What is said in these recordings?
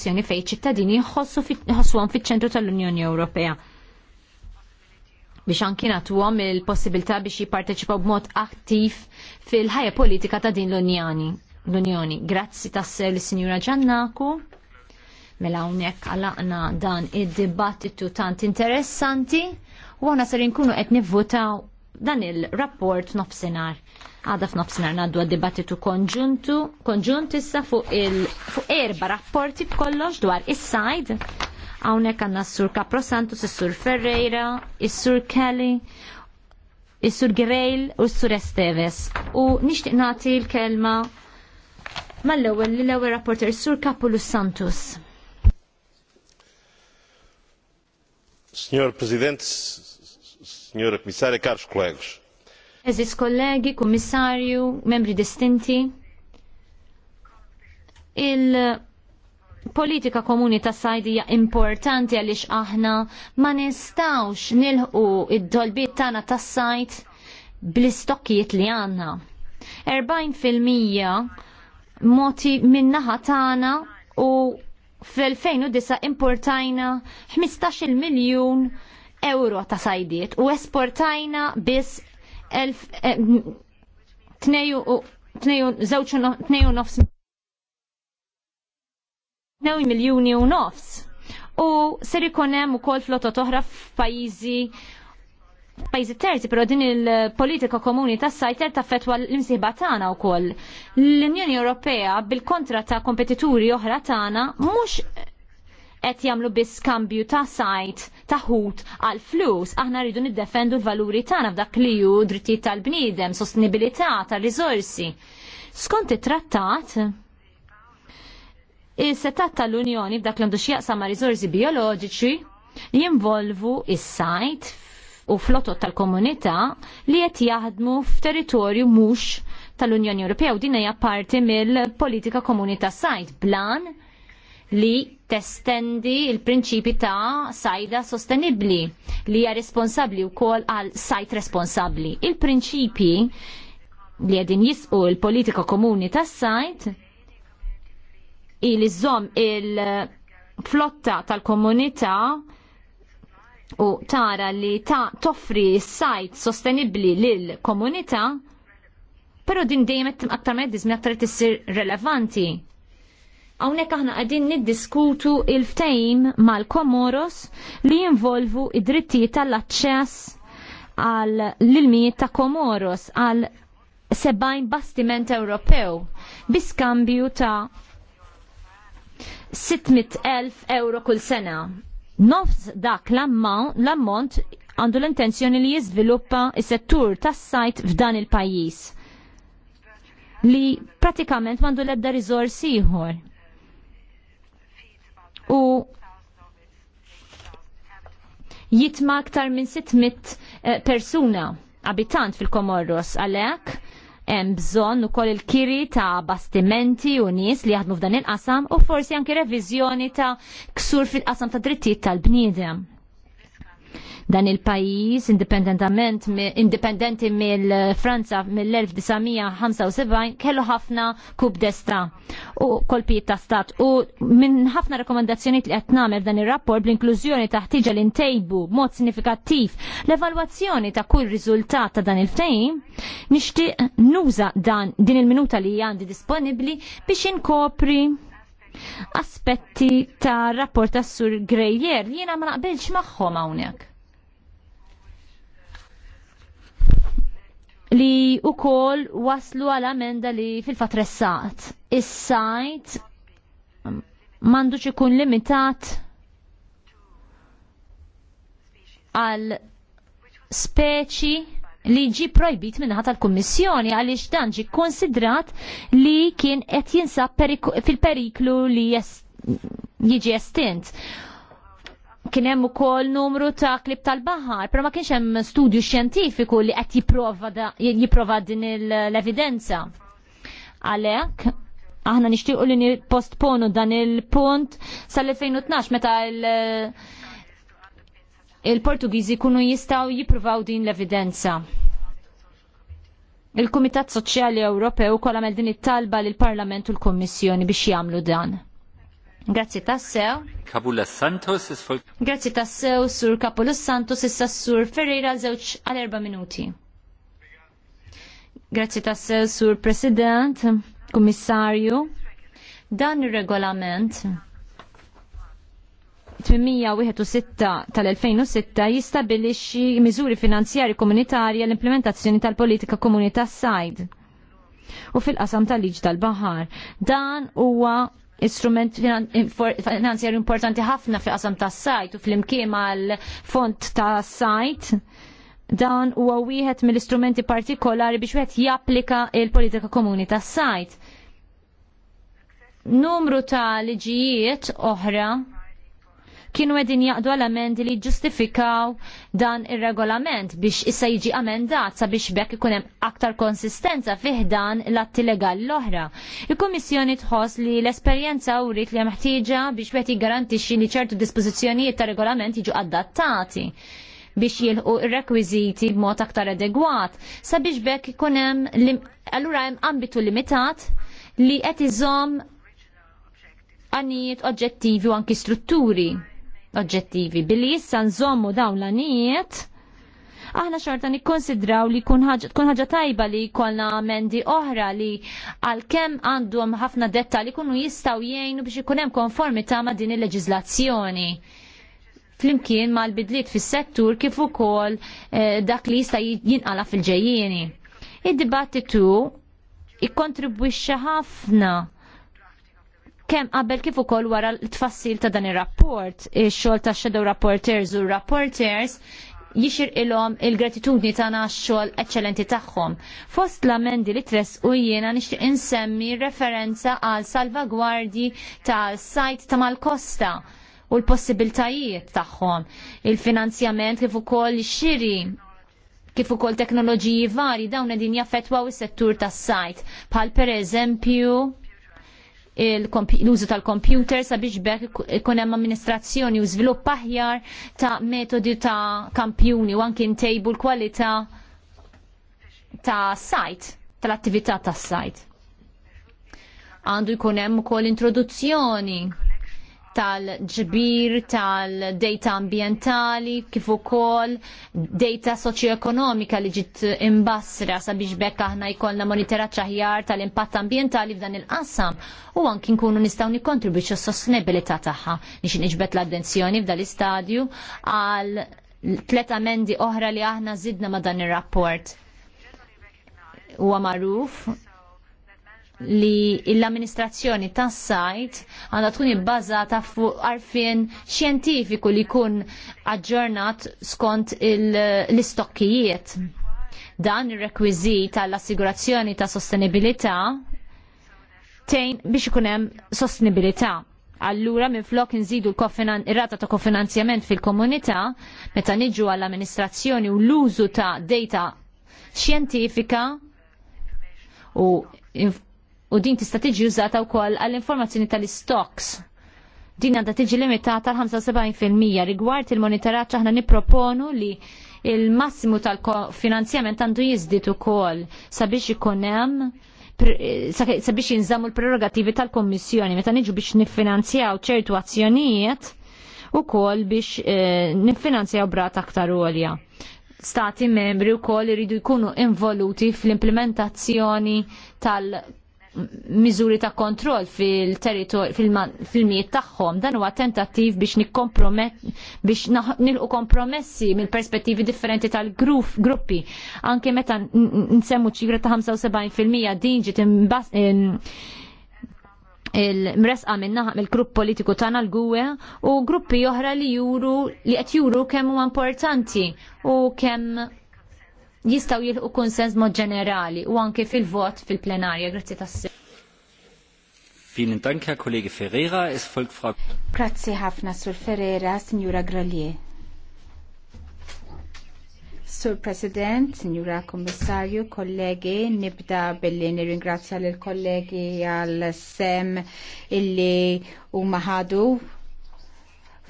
situazzjoni fej ċittadini jħossuhom fiċ-ċentru tal-Unjoni Ewropea biex anki għom il-possibilità biex jipparteċipaw b'mod attiv fil-ħajja politika ta' din l-Unjoni. L-Unjoni. Grazzi tassew lis-Sinjura Ġannaku mela hawnhekk għalaqna dan id-dibattitu tant interessanti u għana ser kunu qed votaw dan il-rapport nofsinar. Għada f'nofsinar naddu għad-dibattitu konġuntu, konġunt issa fuq il fuq erba rapporti b'kollox dwar is-sajd. Hawnhekk għandna s-sur Capro Santos, is-sur Ferreira, is-sur Kelly, is-sur Grejl u s-sur Esteves. U nixtieq nagħti l-kelma mal-ewwel li l-ewwel rapporter sur Capulus Santos. Signor President, Signora Commissaria, cari colleghi. Eżis kollegi, kummissarju, membri distinti, il-politika komuni ta' sajdija importanti għaliex aħna ma nistawx nilħu id-dolbiet tagħna tas sajt bl-istokkijiet li għandna. 40% moti min-naħa tagħna u fil 2009 importajna 15 miljun euro ta' sajdiet u esportajna biss 2 eh, miljoni u nofs. U ser ikun hemm ukoll flotta toħra f'pajjiżi pajzi terzi, pero din il-politika komuni ta' sajter ta' fetwa l-imsiħba tagħna wkoll. L-Unjoni Ewropea bil-kontra ta' kompetituri oħra tagħna mhux qed jagħmlu biss skambju ta' sajt ta' ħut għal flus. Aħna rridu niddefendu l-valuri tagħna f'dak li hu drittijiet tal-bniedem, sostenibilità tar-riżorsi. Skont it-trattat, il-setat tal-Unjoni f'dak li għandu x'jaqsam ma' riżorsi bioloġiċi jinvolvu is-sajt u flotot tal-komunità li qed jaħdmu f'territorju mhux tal-Unjoni Ewropea u din hija parti mill-politika komunità sajt blan li testendi il-prinċipi ta' sajda sostenibli li hija responsabbli wkoll għal sajt responsabbli. Il-prinċipi li għedin jisqu il-politika komuni tas sajt il iżom il-flotta tal-komunità u tara li ta' toffri sajt sostenibli lil komunità pero din dejjem aktar ma' dizmi aktar tissir relevanti Hawnhekk aħna qegħdin niddiskutu il-ftejm mal-Komoros li jinvolvu id-drittijiet tal-aċċess għal l-ilmijiet ta' Komoros għal sebajn bastiment Ewropew biskambju ta' 600.000 euro kull sena. Nofs dak l-ammont għandu l-intenzjoni li jiżviluppa is-settur tas-sajt f'dan il-pajjiż li pratikament mandu l-ebda rizors ieħor u jitma aktar minn 600 eh, persuna abitant fil-Komorros għalhekk hemm bżonn ukoll il-kiri ta' bastimenti u nies li jaħdmu f'dan il-qasam u forsi anke reviżjoni ta' ksur fil-qasam ta' drittijiet tal-bniedem. Dan il-pajis indipendentament indipendenti mill-Franza mill-1975 kellu ħafna kub destra u kolpijiet ta' stat u minn ħafna rekomendazzjoniet li qed nagħmel dan ir-rapport bl-inklużjoni ta' ħtiġa li ntejbu mod sinifikattiv l-evalwazzjoni ta' kull riżultat ta' dan il-fejn nixtieq nuża dan din il-minuta li għandi disponibbli biex inkopri aspetti ta' rapport ta' sur Grejer jiena ma naqbilx magħhom hawnhekk. Li u kol waslu għal amenda li fil-fat ressaqt. Is-sajt m'għandux ikun limitat għal speċi li ġi projbit minnaħat tal-Kummissjoni għaliex dan ġi konsidrat li kien qed jinsab fil-periklu li jiġi estint. Kien hemm ukoll numru ta' klib tal-baħar, però ma kienx hemm studju xjentifiku li qed jipprova din l-evidenza. Għalhekk aħna nixtiequ li nipostponu dan il-punt sal-2012 meta l- il-Portugiżi kunu jistaw jipruvaw din l-evidenza. Il-Kumitat Soċjali Ewropew kol għamel din it-talba l parlament u l-Kommissjoni biex jagħmlu dan. Grazzi tassew. Kabula Santos is folk. Grazzi tassew sur Kapulus Santos issa sur Ferreira żewġ għal erba minuti. Grazzi tassew sur President, Kommissarju. Dan ir-regolament 861 tal-2006 jistabilixxi miżuri finanzjari komunitarja l-implementazzjoni tal-politika komunità sajd u fil-qasam tal-liġ tal-bahar. Dan huwa instrument finanzjarju importanti ħafna fil qasam tas sajt u fl imkiem mal-font tas sajt dan huwa wieħed mill-istrumenti partikolari biex wieħed japplika il-politika komuni tas sajt. Numru ta' liġijiet oħra kienu għedin jaqdu għal-amendi li ġustifikaw dan il-regolament biex issa jiġi amendat sabiex bekk ikunem aktar konsistenza fih dan l-atti legali l-oħra. Il-Komissjoni tħoss li l-esperjenza urit li meħtieġa biex wieħed jiggarantixxi li ċertu dispożizzjonijiet ta' regolament jiġu adattati biex jilħu rekwiziti b'mod aktar adegwat sabiex bekk ikunem lim... allura hemm ambitu limitat li qed iżomm għanijiet oġġettivi u anki strutturi oġġettivi. Billi issa nżommu dawn l għanijiet aħna xorta nikkonsidraw li kun ħaġa tajba li kolna amendi oħra li għal-kem għandhom ħafna detta li kunu jistaw jgħinu biex ikun hemm konformità ma' din il-leġizlazzjoni flimkien mal-bidliet fis-settur kif ukoll eh, dak li jista' jinqala fil-ġejjieni. Id-dibattitu ikkontribwixxa ħafna kemm qabel kif ukoll wara l-tfassil ta' dan ir-rapport, ix-xogħol ta' shadow rapporteurs u rapporteurs jixir ilhom il-gratitudni tagħna għax-xogħol eċċellenti tagħhom. Fost l-amendi li tress u jiena nixtieq insemmi referenza għal salvagwardji tal-sajt ta' mal-kosta u l-possibiltajiet tagħhom, il-finanzjament kif ukoll ix-xiri kif ukoll teknoloġiji vari dawn qegħdin jaffettwaw is-settur tas-sajt, bħal pereżempju l-użu tal-computer sabiex bekk ikun hemm amministrazzjoni u żvilupp aħjar ta' metodi ta' kampjuni u anke ntejbu l-kwalità ta' sajt, tal-attività tas sajt. Għandu jkun hemm ukoll introduzzjoni tal-ġbir, tal-data ambientali, kif ukoll data soċjoekonomika li ġiet imbassra sabiex bekk aħna jkollna monitoraġġ aħjar tal-impatt ambientali f'dan il-qassam u anki nkunu nistgħu nikkontribwixxu s-sostenibilità tagħha biex niġbed l-attenzjoni f'dan l-istadju għal tlet amendi oħra li aħna zidna ma dan ir-rapport. Huwa magħruf li l-amministrazzjoni tas sajt għandha tkun ibbażata fuq arfien xjentifiku li jkun aġġornat skont l-istokkijiet. Dan ir-rekwiżit għall-assigurazzjoni ta' sostenibilità tejn biex ikun hemm sostenibilità. Allura minflok nżidu l rata ta' kofinanzjament fil-komunità meta niġu għall-amministrazzjoni u l-użu ta' data xjentifika u u din tista' tiġi użata wkoll għall-informazzjoni tal-istoks. Din għandha tiġi limitata għal 75% rigward il-monitoraġġ aħna nipproponu li il-massimu tal-finanzjament għandu jiżdied ukoll sabiex ikun hemm sabiex jinżammu l-prerogativi tal-Kommissjoni meta niġu biex niffinanzjaw ċertu azzjonijiet ukoll biex eh, niffinanzjaw brat aktar olja stati membri u iridu jkunu involuti fl-implementazzjoni tal miżuri ta' kontroll fil-territorju fil-miet tagħhom dan huwa tentattiv biex biex nilqu kompromessi mill-perspettivi differenti tal-gruppi. Anke meta nsemmu ċifra ta' 75% din ġiet il-mresqa min-naħa mill-grupp politiku tagħna l-gwe u gruppi oħra li juru li qed juru kemm huwa importanti u kemm jistaw jilħu konsens mod ġenerali u anke fil-vot fil-plenarja. grazie tassi. Vielen Dank, Herr Kollege Ferreira. Es folgt Frau... Grazie ħafna, Sur Ferreira, Signora Grolier. Sur President, Signora Kommissarju, kollegi, nibda billi nirringrazzja l-kollegi għal-sem illi u maħadu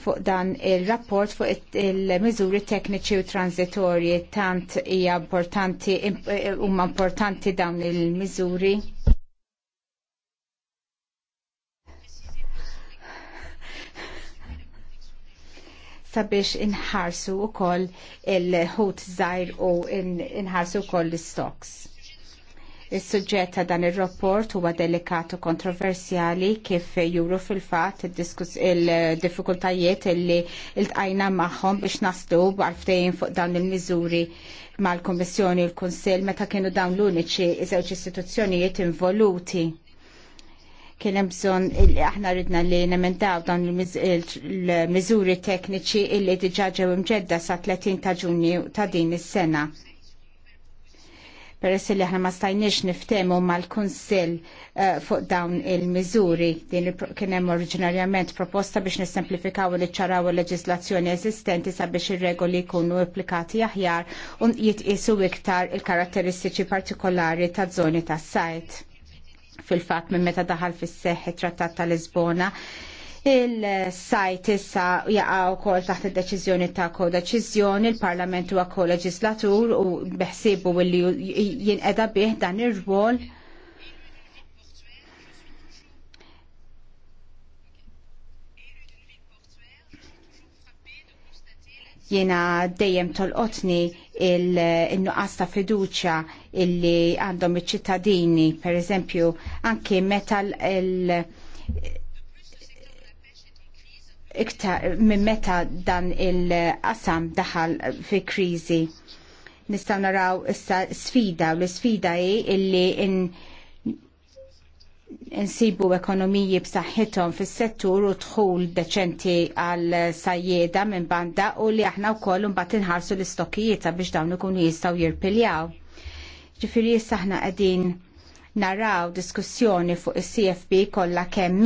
fuq dan il-rapport fuq il-miżuri tekniċi u transitorji tant hija importanti eh, huma importanti dawn il-miżuri. sabiex inħarsu wkoll il-ħut żgħir u inħarsu wkoll l-stocks. Is-suġġett ta' dan ir-rapport huwa delikatu kontroversjali kif juru fil-fatt il-diffikultajiet illi ltqajna magħhom biex naslu għalftejn fuq dawn il-miżuri mal-Kommissjoni l kunsill meta kienu dawn l-uniċi żewġ istituzzjonijiet involuti kien hemm bżonn li aħna ridna li nemendaw dan il-miżuri tekniċi illi diġà ġew imġedda sa 30 ta' Ġunju ta' din is-sena. Peress li aħna ma stajniex niftemu mal-Kunsill eh, fuq dawn il-miżuri din kien hemm oriġinarjament proposta biex nissemplifikaw li ċaraw il-leġislazzjoni eżistenti sabiex ir-regoli jkunu applikati aħjar u jitqisu iktar il-karatteristiċi partikolari ta' żoni tas-sajt fil-fat minn meta daħal fis seħħ it-Trattat ta' Lisbona Il-sajt issa jaqaw kol taħt il-deċizjoni ta' kodeċizjoni, il-Parlament huwa koleġislatur u beħsibu li jinqeda bih dan ir-rwol. Jiena dejjem tolqotni il-nuqqas ta' fiduċa illi għandhom iċ-ċittadini, per eżempju, anki meta il- iktar minn meta dan il-qasam daħal fi kriżi. Nistgħu naraw issa sfida u l-sfida hi illi in insibu ekonomiji b'saħħithom fis-settur u dħul deċenti għal sajjeda minn banda u li aħna wkoll imbagħad inħarsu l-istokkijiet biex dawn ikunu jistgħu jirpiljaw. Ġifieri issa aħna qegħdin naraw diskussjoni fuq is-CFP kollha kemm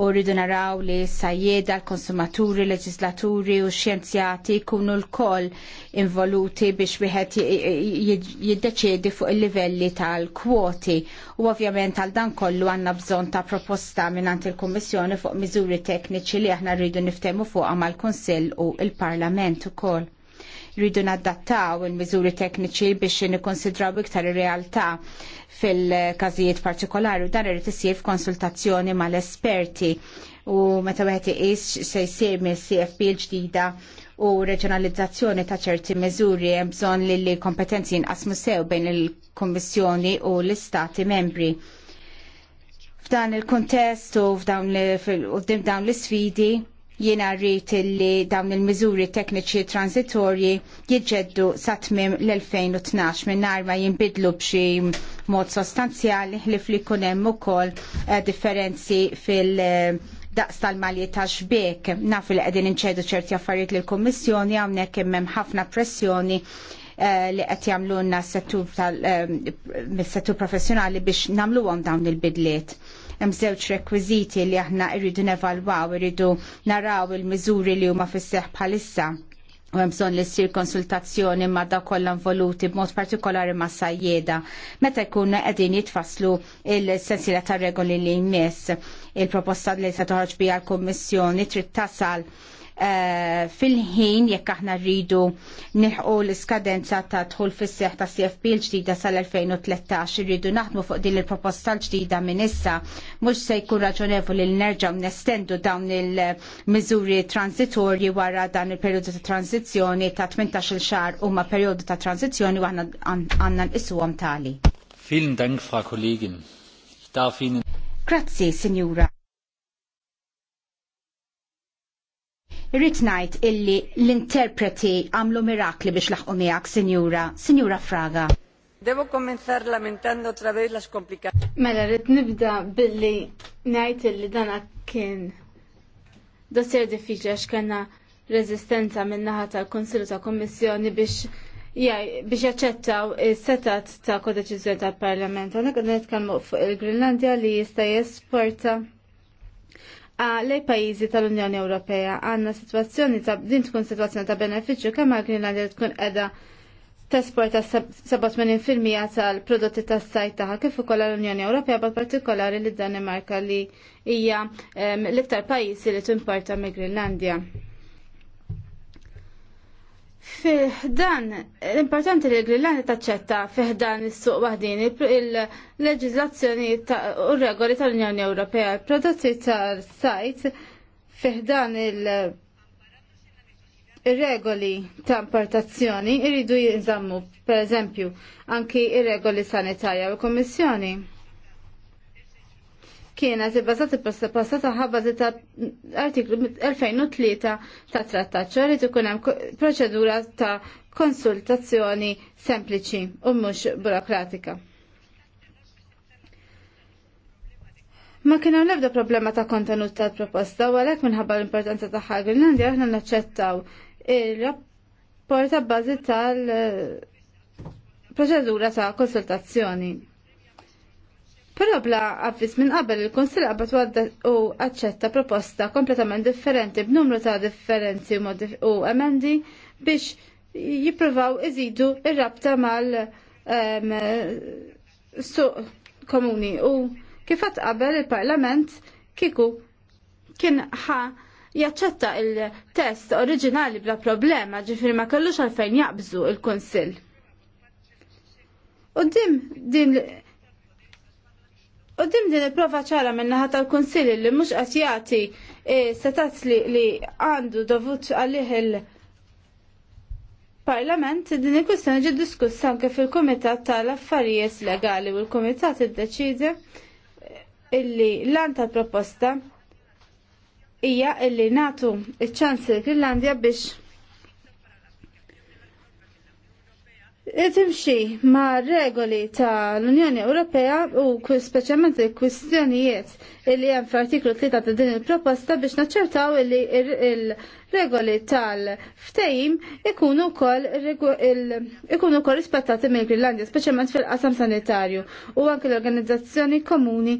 u rridu naraw li sajjeda l-konsumaturi, leġislaturi u xjenzjati kunu l-koll involuti biex wieħed jiddeċiedi fuq il-livelli tal-kwoti u ovvjament għal dan kollu għanna bżon ta' proposta minnant il-Kommissjoni fuq miżuri tekniċi li aħna rridu niftemu fuq mal kunsill u il-Parlament ukoll rridu nadattaw il-miżuri tekniċi biex nikkonsidraw iktar ir-realtà fil-każijiet partikolari u dan irid isir f'konsultazzjoni mal-esperti u meta wieħed iqis se jsir mill-CFP l-ġdida u reġjonalizzazzjoni ta' ċerti miżuri hemm bżonn li l-kompetenzi jinqasmu sew bejn il-Kummissjoni u l-Istati membri f'dan il-kontest u f'dawn l-isfidi Jiena rrit li dawn il-miżuri tekniċi transitorji jiġġeddu sa tmiem l-2012 mingħajr ma jinbidlu b'xi mod sostanzjali li li jkun hemm ukoll eh, differenzi fil- daqs tal-malji ta' xbek, naf li qegħdin inċedu ċerti affarijiet lill kummissjoni hawnhekk hemm ħafna pressjoni eh, li qed jamlu s-settur eh, settur professjonali biex nagħmluhom dawn il-bidliet hemm żewġ rekwiżiti li aħna rridu nevalwaw, irridu naraw il-miżuri li huma fis-seħħ bħalissa u hemm bżonn li ssir konsultazzjoni ma' da kollha involuti b'mod partikolari ma' sajjeda meta jkun qegħdin jitfasslu il-sensiela tar regoli li jmiss il-proposta li se toħroġ biha l-Kummissjoni trid tasal Eh, fil-ħin jekk aħna rridu nilħqu l-iskadenza ta' dħul fis-seħ ta' CFP l-ġdida sal-2013 rridu naħdmu fuq din il-proposta l-ġdida minn issa mhux se jkun raġonevoli li nerġgħu nestendu dawn il-miżuri transitorji wara dan il-perjodu ta' transizzjoni ta' 18-il xahar huma perjodu ta' transizzjoni u għandna nqisuhom tali. Vielen Dank, Frau Kollegin. Ich darf Ihnen Grazie, Signora. Irrid ngħid illi l-interpreti għamlu mirakli biex laħqu miegħek, Sinjura, Sinjura Fraga. Devo kommenzar lamentando otra vez las Mela, rrit nibda billi ngħid illi dana kien dossier diffiċli għax kellna reżistenza min-naħa tal-Konsilu ta' Kommissjoni biex jaj, biex jaċċettaw is-setat ta' kodeċiżjoni tal-Parlament. Għandek qed fuq il-Grinlandja li jista' jesporta lej pajizi tal-Unjoni Ewropea għanna situazzjoni ta' din tkun situazzjoni ta' beneficju kemm għal Greenland li tkun edha tesporta 87% tal-prodotti tas sajt taħħa kif ukoll l-Unjoni Ewropea bad partikolari lid danimarka li hija l-iktar pajjiżi li timporta mill-Greenlandja. Fiħdan, l-importanti li l-Grilland taċċetta fiħdan il-suq wahdin il-leġizlazzjoni u regoli tal-Unjoni Ewropea, prodotti tal-sajt fiħdan il-regoli ta' importazzjoni irridu jinżammu, per eżempju, anki il regoli sanitarja u kommissjoni kienet ibbażat passata ħabba ta' artiklu 2003 ta' trattat ċorri ikun hemm proċedura ta' konsultazzjoni sempliċi u mhux burokratika. Ma kien hemm l-ebda problema ta' kontenut tal-proposta u għalhekk minħabba l-importanza ta' ħaġa Greenlandja aħna naċċettaw il rapport ta' bażi tal- eh, proċedura ta' konsultazzjoni. Però bla avviż minn qabel il-Kunsill qabad u aċċetta proposta kompletament differenti b'numru ta' differenzi u emendi biex jippruvaw iżidu ir-rabta mal suq komuni u kifat qabel il-Parlament kiku kien ħa jaċċetta il-test oriġinali bla problema ġifiri ma kellux għalfejn jaqbżu il-Konsil. U dim din U dim din il-prova ċara minnaħat tal-Konsilli li mux għatjati eh, setat li għandu dovut għalih il-Parlament, din il-kustjoni ġi diskussa anke fil-Komitat tal-Affarijiet Legali u l-Komitat id deċidi illi l anta proposta hija illi natu iċ-ċans grillandja biex timxi ma regoli ta' l-Unjoni Ewropea u speċjalment il-kwistjonijiet li hemm fl-artiklu 3 ta' din il-proposta biex naċċertaw li il-regoli tal-ftejim ikunu wkoll rispettati mill grillandja speċjalment fil-qasam sanitarju u anke l-organizzazzjoni komuni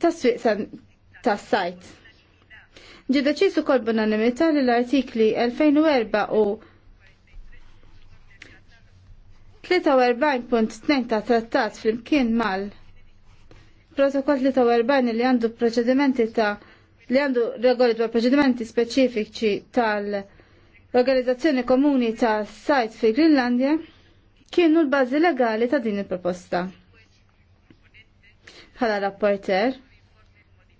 tas-swieq tas-sajt. Ġi deċisu kol b'unanimità li l-artikli 2004 u 43.2 ta' trattat flimkien mal protokoll 43 li għandu proċedimenti ta' li għandu regoli dwar proċedimenti speċifiċi tal-Organizzazzjoni Komuni ta' Sajt fi Greenlandia kienu l-bażi legali ta' din il-proposta. Bħala rapporter,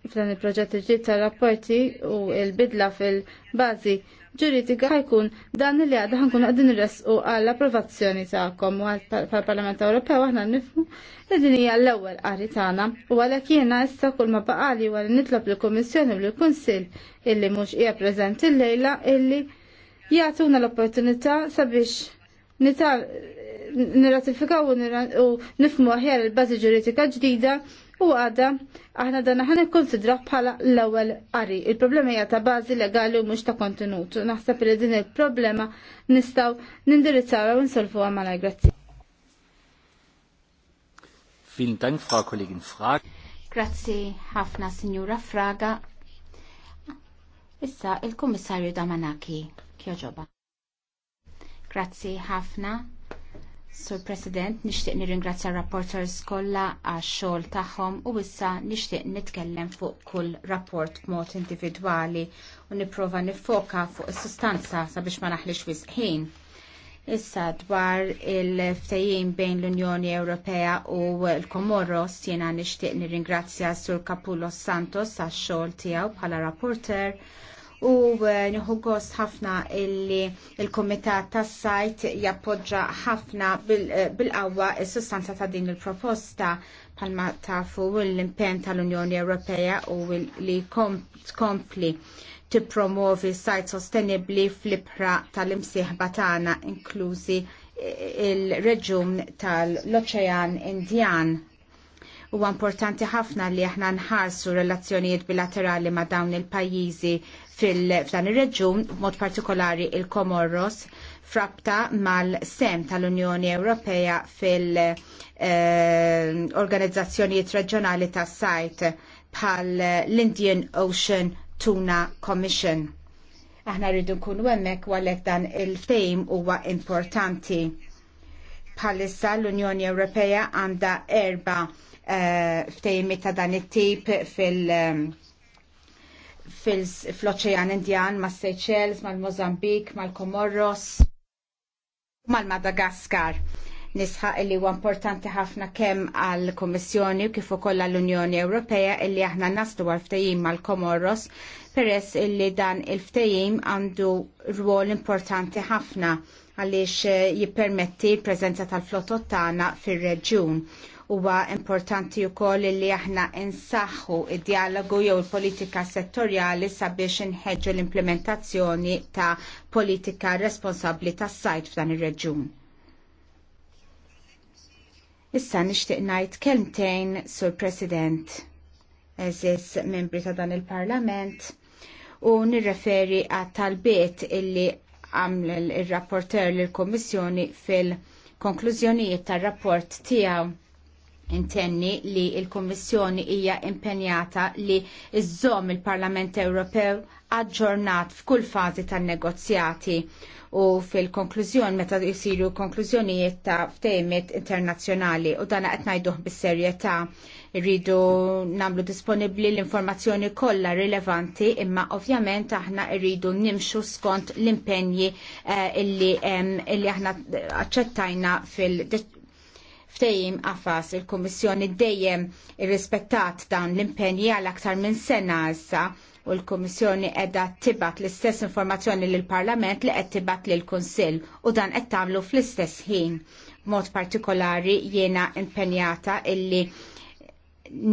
f'dan il-proġett ġit tal rapporti u il-bidla fil-bażi ġuridika ħajkun dan li għadha ħankun għadin resqu għall approvazzjoni tagħkom u għall-Parlament Ewropew aħna nifmu li din hija l-ewwel qari tagħna u għalhekk jiena issa kull ma baqali wara nitlob lill-Kummissjoni u lill-Kunsill illi mhux hija preżenti llejla illi jagħtuna l-opportunità sabiex nital nirratifikaw u nifmu aħjar il-bażi ġuridika ġdida u għada aħna dan ħana konsidra bħala l-ewwel qari. Il-problema hija ta' bażi legali u mhux ta' kontenut. Naħseb li din il-problema nistgħu nindirizzawha u nsolvuha malaj grazzi. Vielen Dank, Frau Kollegin Frag. Grazzi ħafna, Signora Fraga. Issa il-Kummissarju Damanaki, kjoġoba. Grazzi ħafna, Sur President, nixtieq nirringrazzja rapporters kollha għax xogħol tagħhom u issa nixtieq nitkellem fuq kull rapport b'mod individwali u nipprova nifoka fuq is-sustanza sabiex ma naħlix wis ħin. Issa dwar il-ftejjin bejn l-Unjoni Ewropea u l-Komoros jiena nixtieq nirringrazzja Sur Capullo Santos għax xogħol tiegħu bħala rapporter u eh, nħu gost ħafna illi il-Komitat tas sajt jappoġġa ħafna eh, bil-qawwa bil il-sustanza ta' din il-proposta palma tafu l-impen tal-Unjoni Ewropea u li tkompli tippromovi sajt sostenibli fl-ibra tal-imsieħba tagħna inklużi il-reġun tal-Oċean Indjan Huwa importanti ħafna li aħna nħarsu relazzjonijiet bilaterali ma' dawn il-pajjiżi fil-dan ir-reġjun, mod partikolari il-Komorros, frabta mal-sem tal-Unjoni Ewropea fil-organizzazzjonijiet eh, reġjonali tas-sajt bħal l-Indian Ocean Tuna Commission aħna rridu nkunu hemmhekk għalhekk dan il-fejm huwa importanti. Bħalissa l-Unjoni Ewropea għandha erba eh, ftejmi ta' dan it-tip fil- ehm, fil-oċean Indjan ma' Seychelles, mal-Mozambik, mal-Komorros, mal-Madagaskar nisħaq li huwa importanti ħafna kemm għall kummissjoni kif ukoll għall-Unjoni Ewropea illi aħna naslu għal ftehim mal-Komoros peress illi dan il-ftehim għandu rwol importanti ħafna għaliex eh, jippermetti l-preżenza tal-flotot tagħna fir-reġjun. Huwa importanti wkoll li aħna insaħħu id-dialogu jew il-politika settorjali sabiex inħeġġu l-implementazzjoni ta' politika responsabbli tas-sajt f'dan ir-reġjun. Issa nixtieq ngħid kelmtejn sur President eżis membri ta' dan il-Parlament u nirreferi għat talbiet illi għaml il-rapporter l-Komissjoni fil-konklużjonijiet tar-rapport tiegħu intenni li il-Kommissjoni hija impenjata li iżżomm il-Parlament Ewropew aġġornat f'kull fażi tan-negozjati u fil-konklużjon meta jisiru konklużjonijiet ta' ftejmet internazzjonali u dana qed ngħiduh bis-serjetà rridu nagħmlu disponibbli l-informazzjoni kollha rilevanti imma ovvjament aħna rridu nimxu skont l-impenji eh, illi, illi aħna aċċettajna fil ftejim għafas il kummissjoni dejjem irrispettat dawn l-impenji għal aktar minn sena issa u l-Komissjoni edha tibat l-istess informazzjoni l-Parlament li qed tibat l-Kunsill u dan qed tagħmlu fl-istess ħin. Mod partikolari jiena impenjata illi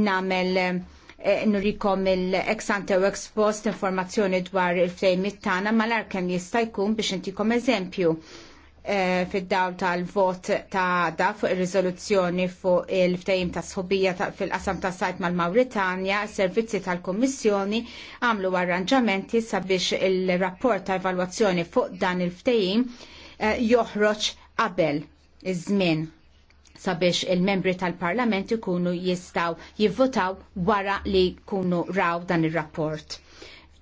namel eh, nurikom il-ex-ante u ex-post informazzjoni dwar il-fejmit tagħna mal-arkem jista' jkun biex intikom eżempju fil eh, fid-dawl tal-vot ta' da fuq ir-riżoluzzjoni fuq il ftajim ta' sħobija fil-qasam ta' sajt mal-Mawritanja, servizzi tal-Kommissjoni għamlu arranġamenti sabiex il-rapport ta' evalwazzjoni fuq dan il ftajim eh, joħroġ qabel iż-żmien sabiex il-membri tal-Parlament ikunu jistaw jivvotaw wara li kunu raw dan il-rapport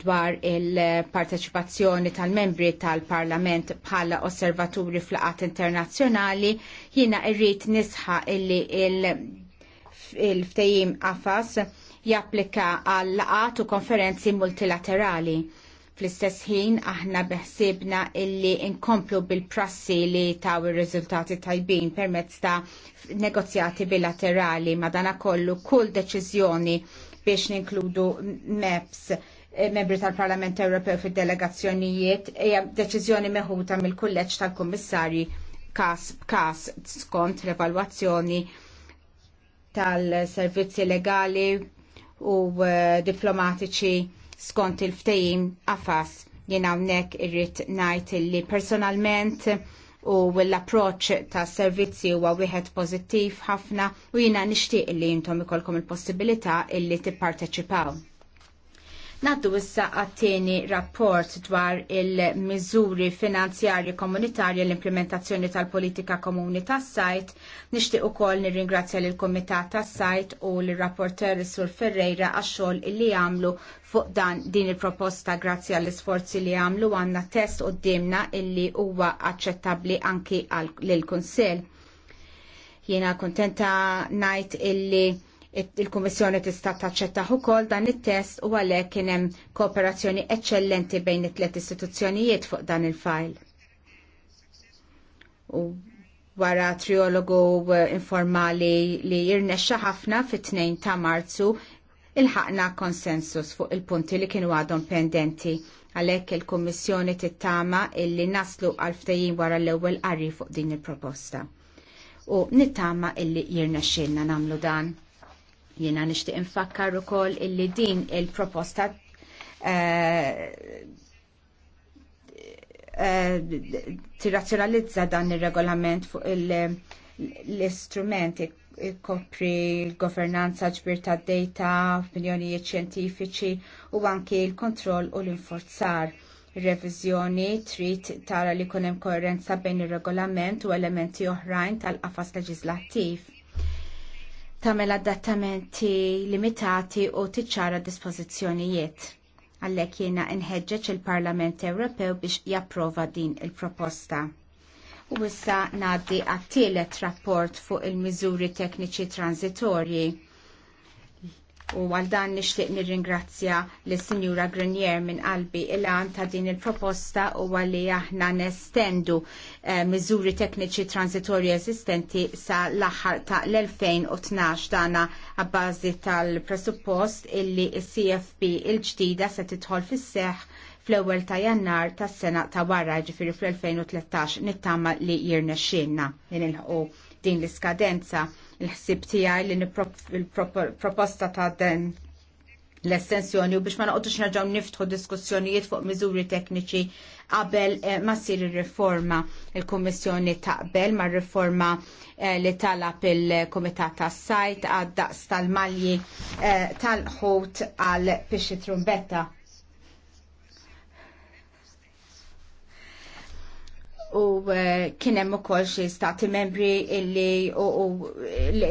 dwar il-parteċipazzjoni tal-membri tal-Parlament bħala osservaturi fl-qat internazzjonali, jiena irrit nisħa illi il-ftejim għafas japplika għal laqat u konferenzi multilaterali. Fl-istess ħin aħna beħsibna illi inkomplu bil-prassi li taw ir-riżultati tajbin permezz ta' negozjati bilaterali madana kollu kull deċiżjoni biex ninkludu MEPS Eh, membri tal-Parlament Ewropew fil delegazzjonijiet hija deċiżjoni meħuta mill-kulleġġ tal-Kummissarji kas kas skont l-evalwazzjoni tal-servizzi legali u eh, diplomatiċi skont il-ftejim għafas jien hawnhekk irrid ngħid illi personalment u l-approċ ta' servizzi huwa wieħed pożittiv ħafna u jiena nixtieq li intom ikolkom il-possibilità illi tipparteċipaw. Naddu issa għattini rapport dwar il-mizuri finanzjarji komunitarji l-implementazzjoni tal-politika komuni tas-sajt. Nixtieq ukoll nirringrazzja l komitat tas-sajt u l-rapporter Sur Ferreira għax-xogħol li għamlu fuq dan din il-proposta grazzi għall-isforzi li għamlu għandna test qudiemna illi huwa aċċettabbli anki lill-Kunsell. Jiena kontenta ngħid illi il-Kummissjoni tista' taċċettaħ ukoll dan it-test u għalhekk kien hemm kooperazzjoni eċċellenti bejn it-tliet istituzzjonijiet fuq dan il-fajl. U wara triologu informali li jirnexxa ħafna fit-2 ta' Marzu ilħaqna konsensus fuq il-punti li kienu għadhom pendenti għalhekk il-Kummissjoni tittama illi naslu għal-ftejjin wara l-ewwel qari fuq din il-proposta. U nittama illi jirnexxilna nagħmlu dan. Jiena nixtieq infakkar ukoll illi din il-proposta eh, eh, tirrazzjonalizza dan ir-regolament fuq l-istrumenti kopri l-governanza ġbir ta' data, opinjonijiet xjentifiċi u anki l-kontroll u l-inforzar revizjoni trid tara li jkun hemm koerenza bejn ir-regolament u elementi oħrajn tal-qafas leġislattiv tamel adattamenti limitati u tiċċara dispożizzjonijiet. Għallek jiena nħeġġeġ il-Parlament Ewropew biex japprova din il-proposta. U issa ngħaddi għattilet tielet rapport fuq il-miżuri tekniċi transitorji u għal dan nixtieq nirringrazzja lis sinjura Grenier minn qalbi il-għan ta' din il-proposta u għalli aħna nestendu eh, miżuri tekniċi transitorji eżistenti sa l-aħħar ta' l-2012 dana għabbażi tal-presuppost illi il-CFP il-ġdida se titħol fis-seħ fl-ewwel ta' jannar tas-sena ta' wara ġifiri fl-2013 nittama li jirnexxinna nilħu din l-iskadenza il-ħsib tiegħi li il-proposta ta' den l-estensjoni u biex ma noqgħodux nerġgħu niftħu diskussjonijiet fuq miżuri tekniċi qabel eh, ma sir ir-riforma. Il-Kummissjoni taqbel ma' riforma eh, li talab il-Kumitat tas-Sajt għad-daqs tal-malji eh, tal-ħut għal pixi trumbetta. u eh, kienem u koll xie stati membri illi u,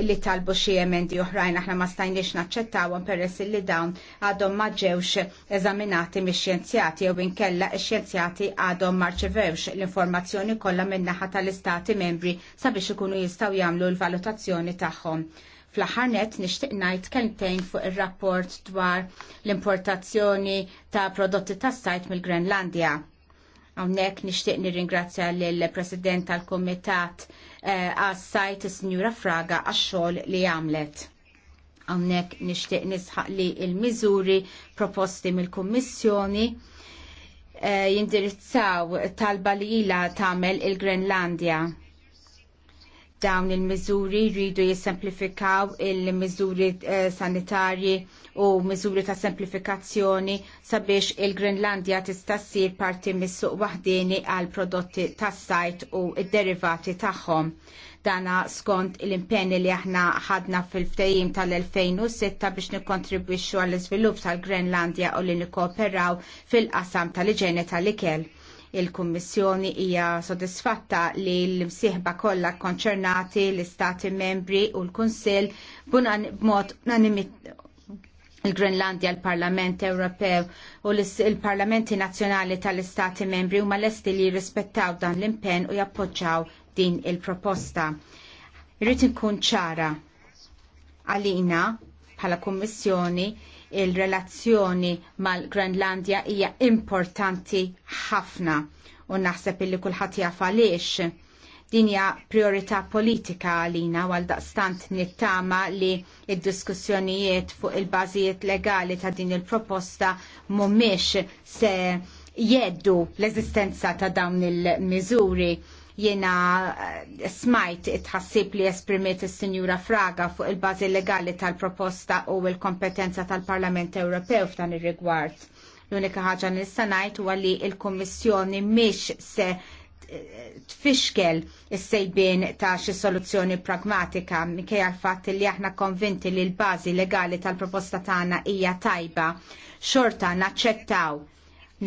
li talbu xie emendi uħrajn aħna ma stajniex naċċettawan peress illi dawn għadhom ma ġewx eżaminati mi xjenzjati u inkella xjenzjati għadhom marċevewx l-informazzjoni kollha minnaħa tal-istati membri sabiex ikunu jistaw jagħmlu l-valutazzjoni tagħhom. Fl-aħħar net nixtieq ngħid kentejn fuq ir-rapport dwar l-importazzjoni ta' prodotti tas-sajt mill-Grenlandja Hawnhekk nixtieq nirringrazzja lill-President tal-Kumitat eh, għas-sajt is-Sinjura Fraga għax-xogħol li għamlet. Hawnhekk nixtieq nisħaq li l-miżuri proposti mill-Kummissjoni eh, jindirizzaw talba li ilha tagħmel il-Grenlandja dawn il miżuri rridu jissemplifikaw il miżuri eh, sanitarji u miżuri ta' semplifikazzjoni sabiex il-Grenlandja tista' ssir parti mis-suq waħdini għal prodotti tas-sajt u id-derivati tagħhom. Dana skont l-impenni li aħna ħadna fil ftajim tal-2006 biex nikkontribwixxu għall-iżvilupp tal-Grenlandja u li nikkooperaw fil-qasam tal-iġene tal-ikel il-Kummissjoni hija sodisfatta li l-imsieħba kollha konċernati l-Istati membri u l-Kunsill b'mod il-Grenlandja, l-Parlament Ewropew u l-Parlamenti Nazzjonali tal-Istati Membri huma lesti li jirrispettaw dan l-impenn u jappoġġaw din il-proposta. Irrid inkun ċara għalina bħala Kummissjoni il-relazzjoni mal-Grenlandja hija importanti ħafna u naħseb illi kulħadd jaf għaliex Dinja priorità politika għalina għal daqstant nittama li id-diskussjonijiet fuq il-bażijiet legali ta' din il-proposta mumiex se jeddu l-eżistenza ta' dawn il-miżuri jena eh, smajt itħassib li esprimiet il-Sinjura Fraga fuq il-bazi legali tal-proposta u il-kompetenza tal-Parlament Ewropew f'dan ir-rigward. L-unika ħaġa nista' ngħid huwa li l-Kummissjoni se tfixkel is-sejbin ta' xi soluzzjoni pragmatika minkejja l-fatt li aħna konvinti li l-bażi legali tal-proposta tagħna hija tajba. Xorta naċċettaw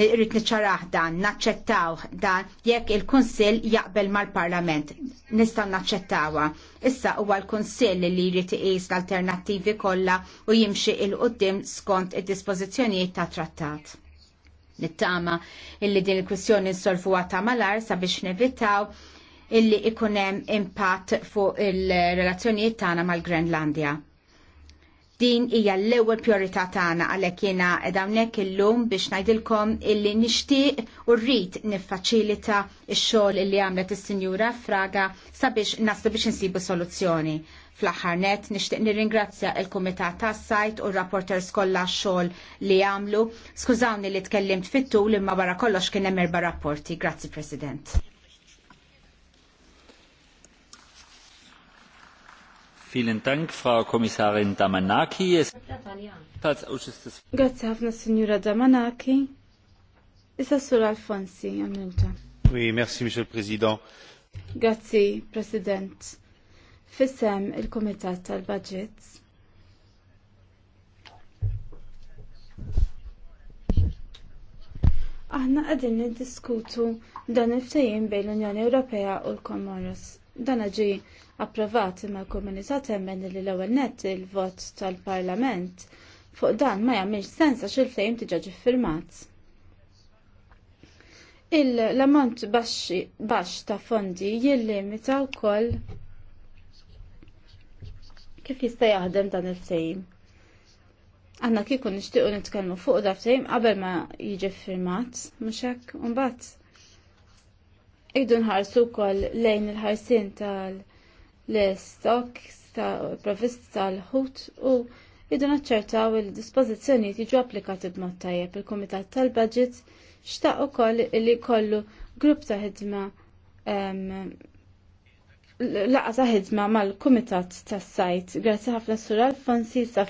irrit niċċaraħ dan, naċċettaw dan jekk il-Kunsill jaqbel mal-Parlament. Nistgħu naċċettawha. Issa huwa l-Kunsill li jrid iqis l-alternattivi kollha u jimxi il-qudiem skont id-dispożizzjonijiet ta' trattat nittama illi din il-kwistjoni nsolfu għata malar sabiex nevitaw illi ikunem impatt fuq il-relazzjonijiet tagħna mal-Grenlandja. Din hija l-ewwel priorità tagħna għalhekk jiena qed hawnhekk illum biex ngħidilkom illi nixtieq u rrid niffaċilita x-xogħol illi għamlet is-Sinjura Fraga sabiex naslu biex insibu soluzzjoni Fl-aħħar net nixtieq nirringrazzja il-Kumitat tas-Sajt u r-rapporters kollha xogħol li għamlu. Skużawni li tkellimt fittu li imma wara kollox kien hemm erba' rapporti. Grazzi President. Vielen Dank, Frau Kommissarin Damanaki. Grazie ħafna, Signora Damanaki. Issa Sur Alfonsi, għamnilta. Oui, merci, Monsieur le Président. Grazie, President fissem il-Kumitat tal-Budgets. Aħna qegħdin niddiskutu dan il-ftehim bejn l-Unjoni Ewropea u l-Komoros. Dan ġi approvat imma l-Komunità temmen li l-ewwel nett il-vot tal-Parlament fuq dan ma jagħmilx sens għax il ftajim diġà firmat. Il-lamont baxx ta' fondi jillimita wkoll kif jista' jaħdem dan il-ftehim. Aħna kieku nixtiequ nitkellmu fuq da ftehim qabel ma jiġi firmat, mhux hekk mbagħad. Idu nħarsu wkoll lejn il-ħarsien tal-stocks provist provvist tal-ħut u idu naċċertaw il-dispożizzjonijiet jiġu applikati b'mod tajjeb il-Kumitat tal-Budget xtaq ukoll li kollu grupp ta' ħidma laqa ta' ħidma mal-Kumitat tas-Sajt. Grazzi ħafna Sur Alfonsi sa'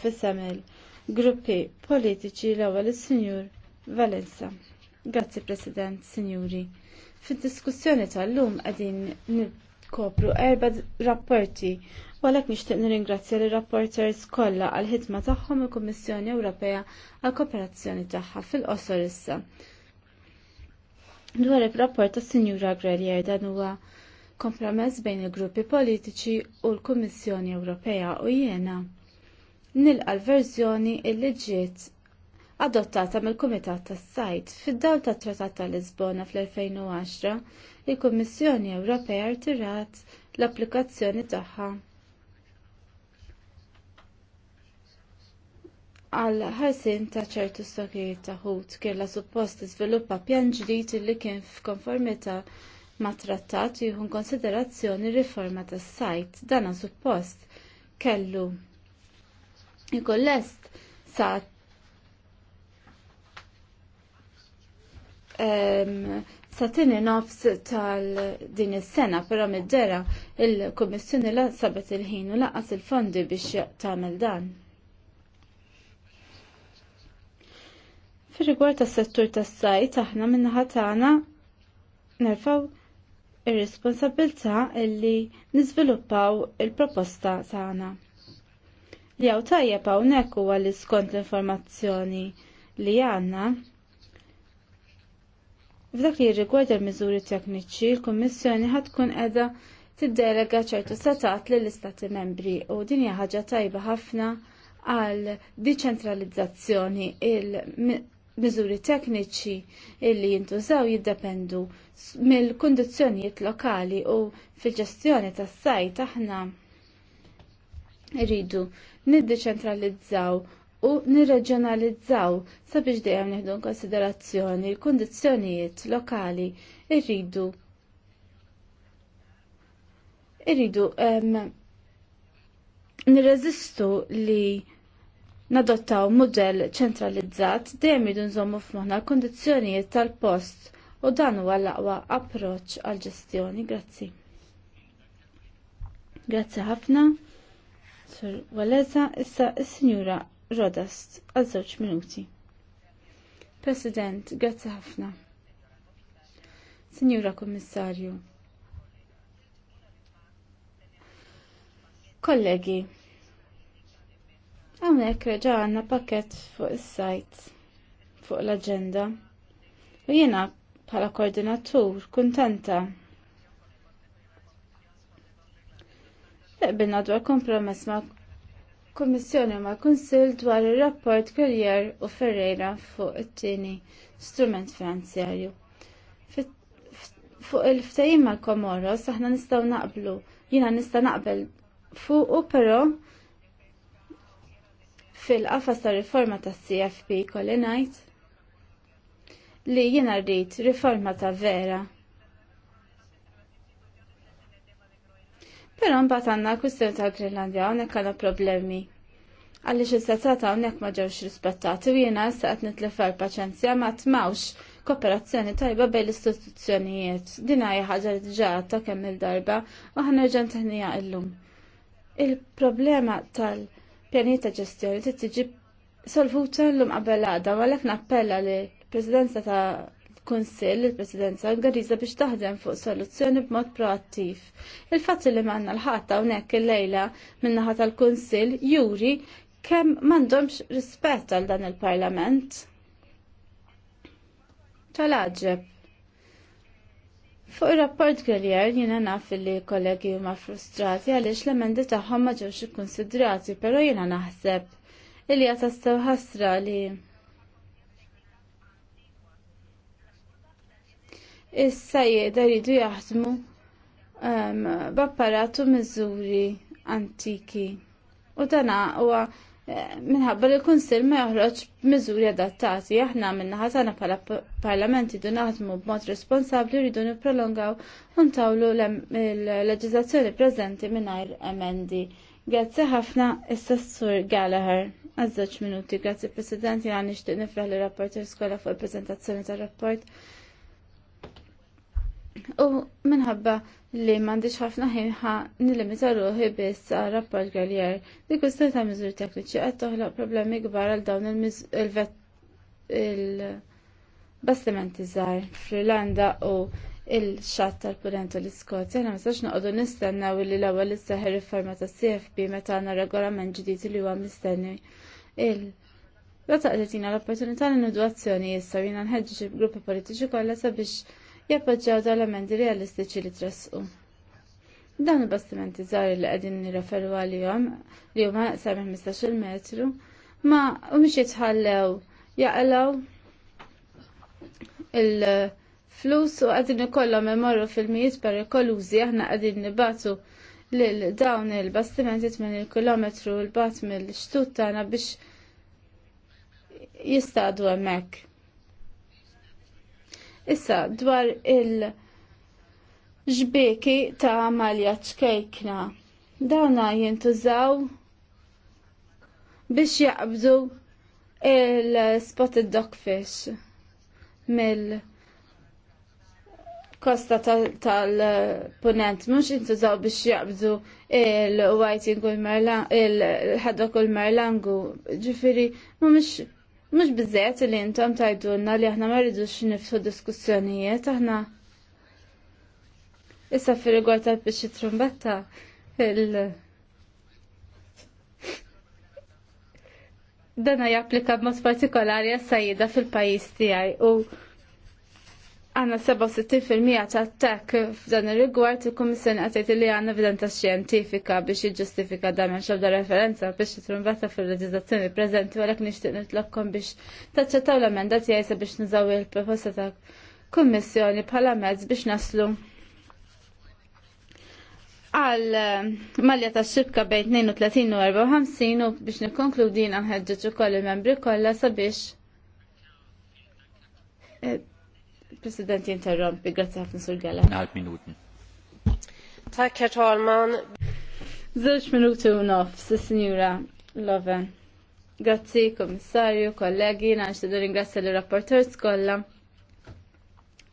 gruppi politiċi l-ewwel is-Sinjur Valenza. Grazzi President, Sinjuri. Fid-diskussjoni tal-lum qegħdin kopru erba rapporti. u għalhekk nixtieq nirringrazzja l rapporters kollha għall ħidma tagħhom il-Kummissjoni Ewropea għall kooperazzjoni tagħha fil-qosor issa. Dwar ir-rapport tas-Sinjura Grelier dan huwa kompromess bejn il-gruppi politiċi u l-Kummissjoni Ewropea u jiena nilqa l-verżjoni illi ġiet adottata mill-Kumitat tas-Sajt fid-dawl tat-Trattat ta' Lisbona fl-2010 il-Kummissjoni Ewropea rtirat l-applikazzjoni tagħha għal ħarsin ta' ċertu stokijiet ta' ħut kella suppost iżviluppa pjan ġdid li kien f'konformità ma' trattat jieħu konsiderazzjoni riforma tas-sajt dan suppost kellu jkollest sa' um, satini nofs tal-din is-sena, però mid-dera il-Kummissjoni la sabet il-ħin u laqas il-fondi biex tagħmel dan. Fir-rigward tas-settur tas-sajt aħna minnaħa tagħna nerfgħu ir-responsabilta illi niżviluppaw il-proposta tagħna. Li hawn tajjeb hawnhekk huwa li skont l-informazzjoni li għandna F'dak li jirrigwarda l-miżuri tekniċi, l-Kummissjoni ħad tkun qiegħda tiddelega ċertu setat lill istati membri u din hija ħaġa tajba ħafna għal deċentralizzazzjoni miżuri tekniċi illi jintużaw jiddependu mill-kundizzjonijiet lokali u fil-ġestjoni tas-sajt aħna rridu niddeċentralizzaw u nirreġjonalizzaw sabiex dejjem nieħdu konsiderazzjoni l-kundizzjonijiet lokali rridu irridu nirreżistu li nadottaw mudell ċentralizzat dejjem idu nżommu f'moħħna l-kondizzjonijiet tal-post u dan huwa l-aqwa approċċ għal ġestjoni. Grazzi. Grazzi ħafna. Sur Waleza issa is-Sinjura Rodast għal żewġ minuti. President, grazzi ħafna. Sinjura Kommissarju. Kollegi, Għamlek reġa għanna pakket fuq il-sajt, fuq l-agenda. U jena bħala koordinatur, kuntenta. Ebbina dwar kompromess ma' Kommissjoni ma' Kunsil dwar il-rapport Karrier u Ferreira fuq it-tieni strument finanzjarju. Fuq il-ftajim ma' Komoros aħna nistaw naqblu, jina nista' naqbel fuq u pero fil-qafas ta' riforma ta' CFP kolli najt li jena rrit riforma ta' vera. Pero mbagħad għandna kustew ta' Grenlandja hawnhekk għandna problemi. Għaliex is-setata hawnhekk ma ġewx rispettati u jiena issa qed nitlefar paċenzja ma t-mawx kooperazzjoni tajba bejn l-istituzzjonijiet. Dina hija ħaġa li diġà ta' kemm il-darba u ħanerġa' nteħnija illum. Il-problema tal- pjanijiet ta' ġestjoni trid tiġi solvuta llum qabel għada għalhekk nappella li l-Presidenza ta' Kunsill il-Presidenza Ungariża biex taħdem fuq soluzzjoni b'mod proattiv. Il-fatt li manna l ħatta hawnhekk il-lejla min-naħa tal-Kunsill juri kemm m'għandhomx rispett għal dan il-Parlament. tal Fuq il rapport Gallier jiena naf li kollegi huma frustrati għaliex l-emendi tagħhom ma ġewx ikkonsidrati, però jiena naħseb illi qed tassew ħasra li issa jgħidha ridu jaħdmu ehm, b'apparatu miżuri antiki. U dana huwa minħabba li l-Kunsil ma joħroġ miżuri adattati, aħna minna ħasana pala parlamenti idu naħdmu b'mod responsabli rridu u untawlu l-leġizazzjoni preżenti mingħajr emendi. Grazzi ħafna is-sessur Gallagher. Għazzaċ minuti, grazzi Presidenti, għan nishtiq nifraħ li rapporter skola fuq il-prezentazzjoni tal-rapport. U minħabba li mandiċ ħafna ħinħa nil-limita ruħi biss għal rapport galjer li ta' mizur tekniċi għed toħloq problemi gbar għal dawn il-bastimenti żgħar fl-Irlanda u il-xatt tal-Punent u l-Iskozja, għana mistax noqogħdu nistennaw li l-ewwel isseħħ riforma tas-CFP meta għandna regolament ġdid li huwa mistenni il Rata qed l-opportunità l-innovazzjoni issa jiena nħeġġeġ il-gruppi politiċi kollha sabiex jappoġġaw dal-amendi realistiċi li trasqu. Dawn il-bastimenti żgħar li qegħdin nirreferu għalihom li huma sami 15-il metru ma u jitħallew jaqlaw il-flus u qegħdin ikollhom imorru fil-mijiet per ikolużi aħna qegħdin nibatu lil dawn il-bastimenti 80 km l-bat mill-xtut tagħna biex jistadu hemmhekk. Issa, dwar il-ġbeki ta' Amalja ċkejkna, dawna jintużaw biex jaqbdu il-spotted dogfish mill- kosta tal-ponent, mux jintużaw biex jaqbdu il-whiting u il-ħadok u l-merlangu, ġifiri, mux Mux bizzet li intom tajdulna li aħna marridux niftu diskussjonijiet, aħna issa fil rigward tal biex trumbetta il- dana japplika b'mod partikolari għas fil-pajis tiegħi u għanna 67% ta' attak f'dan ir-rigward il-Kummissjoni għatajt li għanna evidenza xjentifika biex jiġġustifika dan għal xabda referenza biex jitrumbata fil prezenti, preżenti għalhekk nixtieq nitlobkom biex taċċettaw l-emenda tiegħi sabiex nżawi il proposta ta' Kummissjoni bħala mezz biex naslu għal ehm, malja ta' xibka bejn 32 u 54 u biex nikkonkludina nħeġġeġ ukoll il-membri kollha sabiex eh, President interrompi, grazie ħafna sur Gala. Għalt minuten. Tak, herr talman. Zewġ minuti u nofs, signora Loven. Grazzi, kommissarju, kollegi, naċ t ringrazzja l-rapporteurs kollha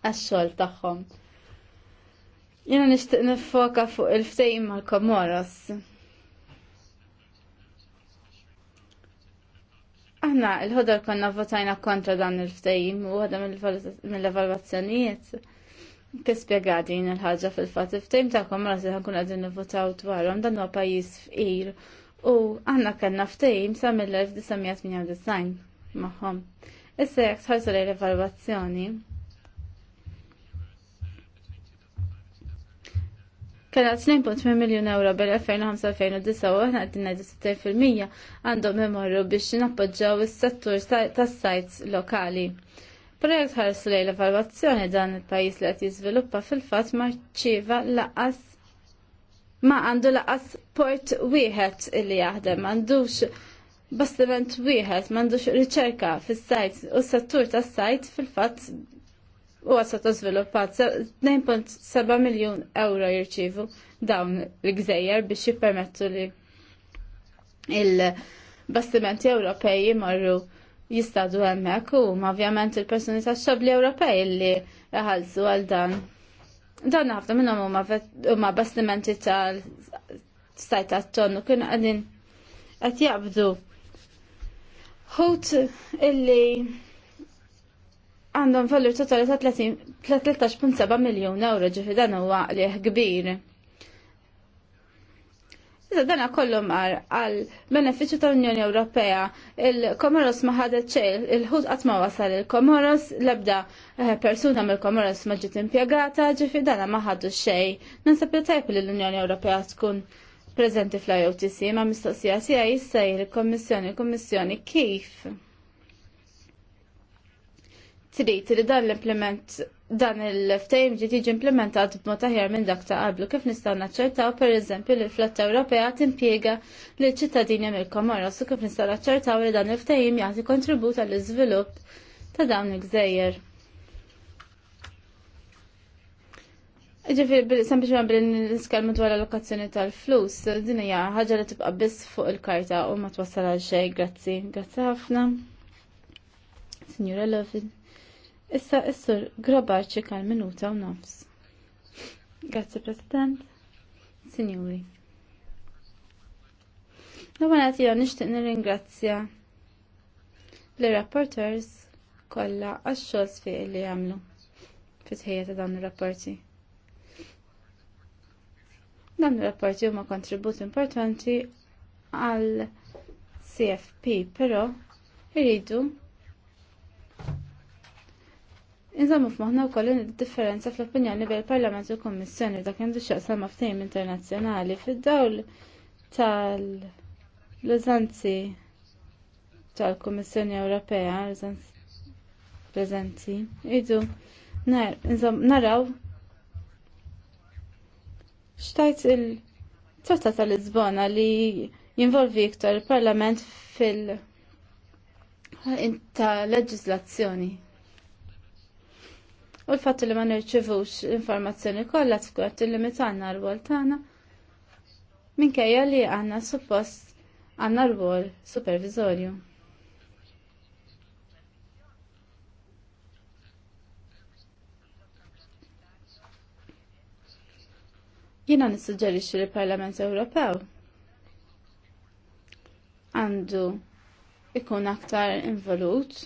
għax-xogħol tagħhom. Jena nixtieq nifoka fuq il-ftejim mal-Komoros. Aħna l-ħodor konna votajna kontra dan il-ftajim u għadha mill-evalvazzjonijiet. Kispjegati jina il-ħagġa fil-fat, il-ftajim ta' kom rasi ħankun għadin votaw dwarom dan huwa pajis fqir u aħna kellna ftajim sa' mill-1998 magħhom. Issa jek tħarsu l-evalvazzjoni, Kena 2.8 miljon euro bel-2005-2009 u għahna għaddin għaddi għandhom memorru biex nappoġġaw is-settur tas sites lokali. Projekt ħarsu lej l-evalwazzjoni dan il-pajis li għat jizviluppa fil-fat marċiva laqas ma għandu laqas port wieħed li jaħdem, għandux bastiment wieħed, m'għandux riċerka fis-sajt u s-settur tas-sajt fil-fatt u ta' sviluppat 2.7 miljon euro jirċivu dawn l gżegjer biex jippermettu li il-bastimenti Ewropej marru jistadu għemmek u ovvjament il-persuni tax xabli Ewropej li ħalsu għal dan. Dan ħafna minnhom huma bastimenti ta' stajta t tonnu kien għadin qed jabdu. ħut illi għandhom valur totali ta' 13.7 miljon euro ġifi dan huwa għalih kbir. Iza dana kollu mar għal beneficju ta' Unjoni Ewropea, il-Komoros ma ħadet ċejl, il-ħut qatt ma wasal il-Komoros, l-ebda eh, persuna mill-Komoros ma ġiet impjegata, ġifi dana ma ħadu xejn. Nansab li tajp li l-Unjoni Ewropea tkun preżenti fl-IOTC ma mistoqsija tiegħi issa il il-Komissjoni kif? trid li dan l-implement dan il-ftejm ġiet jiġi implementat b'mod aħjar minn dak ta' qablu kif nistgħu naċċertaw pereżempju li l-flotta Ewropea tinpjega lil ċittadini mill-Komoros u kif nistgħu naċċertaw li dan il-ftejm jagħti kontribut għall iżvilupp ta' dawn il-gżejjer. Ġifir, sempliċement bil niskelmu dwar l allokazzjoni tal-flus, din hija ħaġa li tibqa' biss fuq il-karta u ma twassal għal xejn, grazzi, grazzi ħafna. Signora Lovin. Issa issur grobar ċikal minuta u nofs. Grazie President, Signori. L-għanet nishtiq nir-ingrazzja l-rapporters kolla għax-xogħol sfiq li jagħmlu fit ta' dawn ir-rapporti. Dan ir-rapporti huma kontribut importanti għal CFP, però irridu Inżammu f'moħna wkoll differenza fl-opinjoni bejn il-Parlament u l-Kommissjoni dak għandu x'jaqsam ftehim internazzjonali fid-dawl tal-użanzi tal-Kummissjoni Ewropea preżenti. Idu naraw xtajt il-Trattat tal-Lisbona li jinvolvi iktar il-Parlament fil- ta' leġislazzjoni u l-fatt li ma nirċivux informazzjoni kollha tkun illimitanna l-wol tagħna minkejja li għandna suppost għandna r wol supervizorju. Jiena nissuġġerixxi li l-Parlament Ewropew għandu ikun aktar involut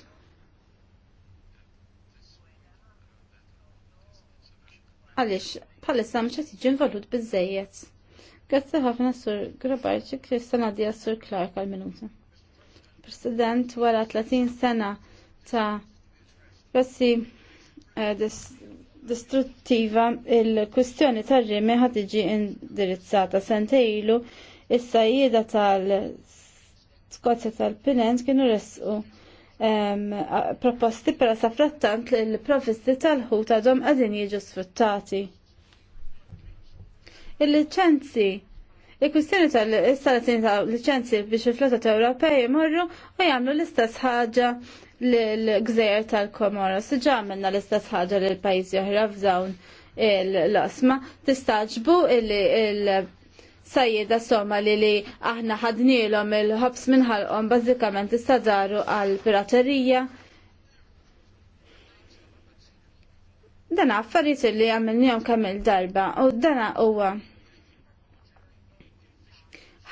għaliex bħalissa mhux qed jiġi involut biżejjed. Grazzi ħafna sur Grabarċi Krista Nadja sur Clark għal-minuta. President wara 30 sena ta' grazzi eh, distruttiva il-kwistjoni tar-rimi ħad iġi indirizzata ilu is-sajjieda tal skotja tal-Pinent kienu resqu proposti per sa frattant li l-profisti tal ta' għadhom għadin jieġu sfruttati. Il-licenzi Il-kwistjoni tal-installazzjoni ta' licenzi biex il-flotta Ewropej imorru u jagħmlu l-istess ħaġa l-gżejjer tal-Komoros. Ġamilna l-istess ħaġa l pajjiżi oħra f'dawn l-osma, tistaġbu sajjeda somma li li aħna ħadnilom il-ħobs minħalqhom bażikament istadaru għal piraterija. Dana affarijiet li għamilnijom kemm il-darba u dana huwa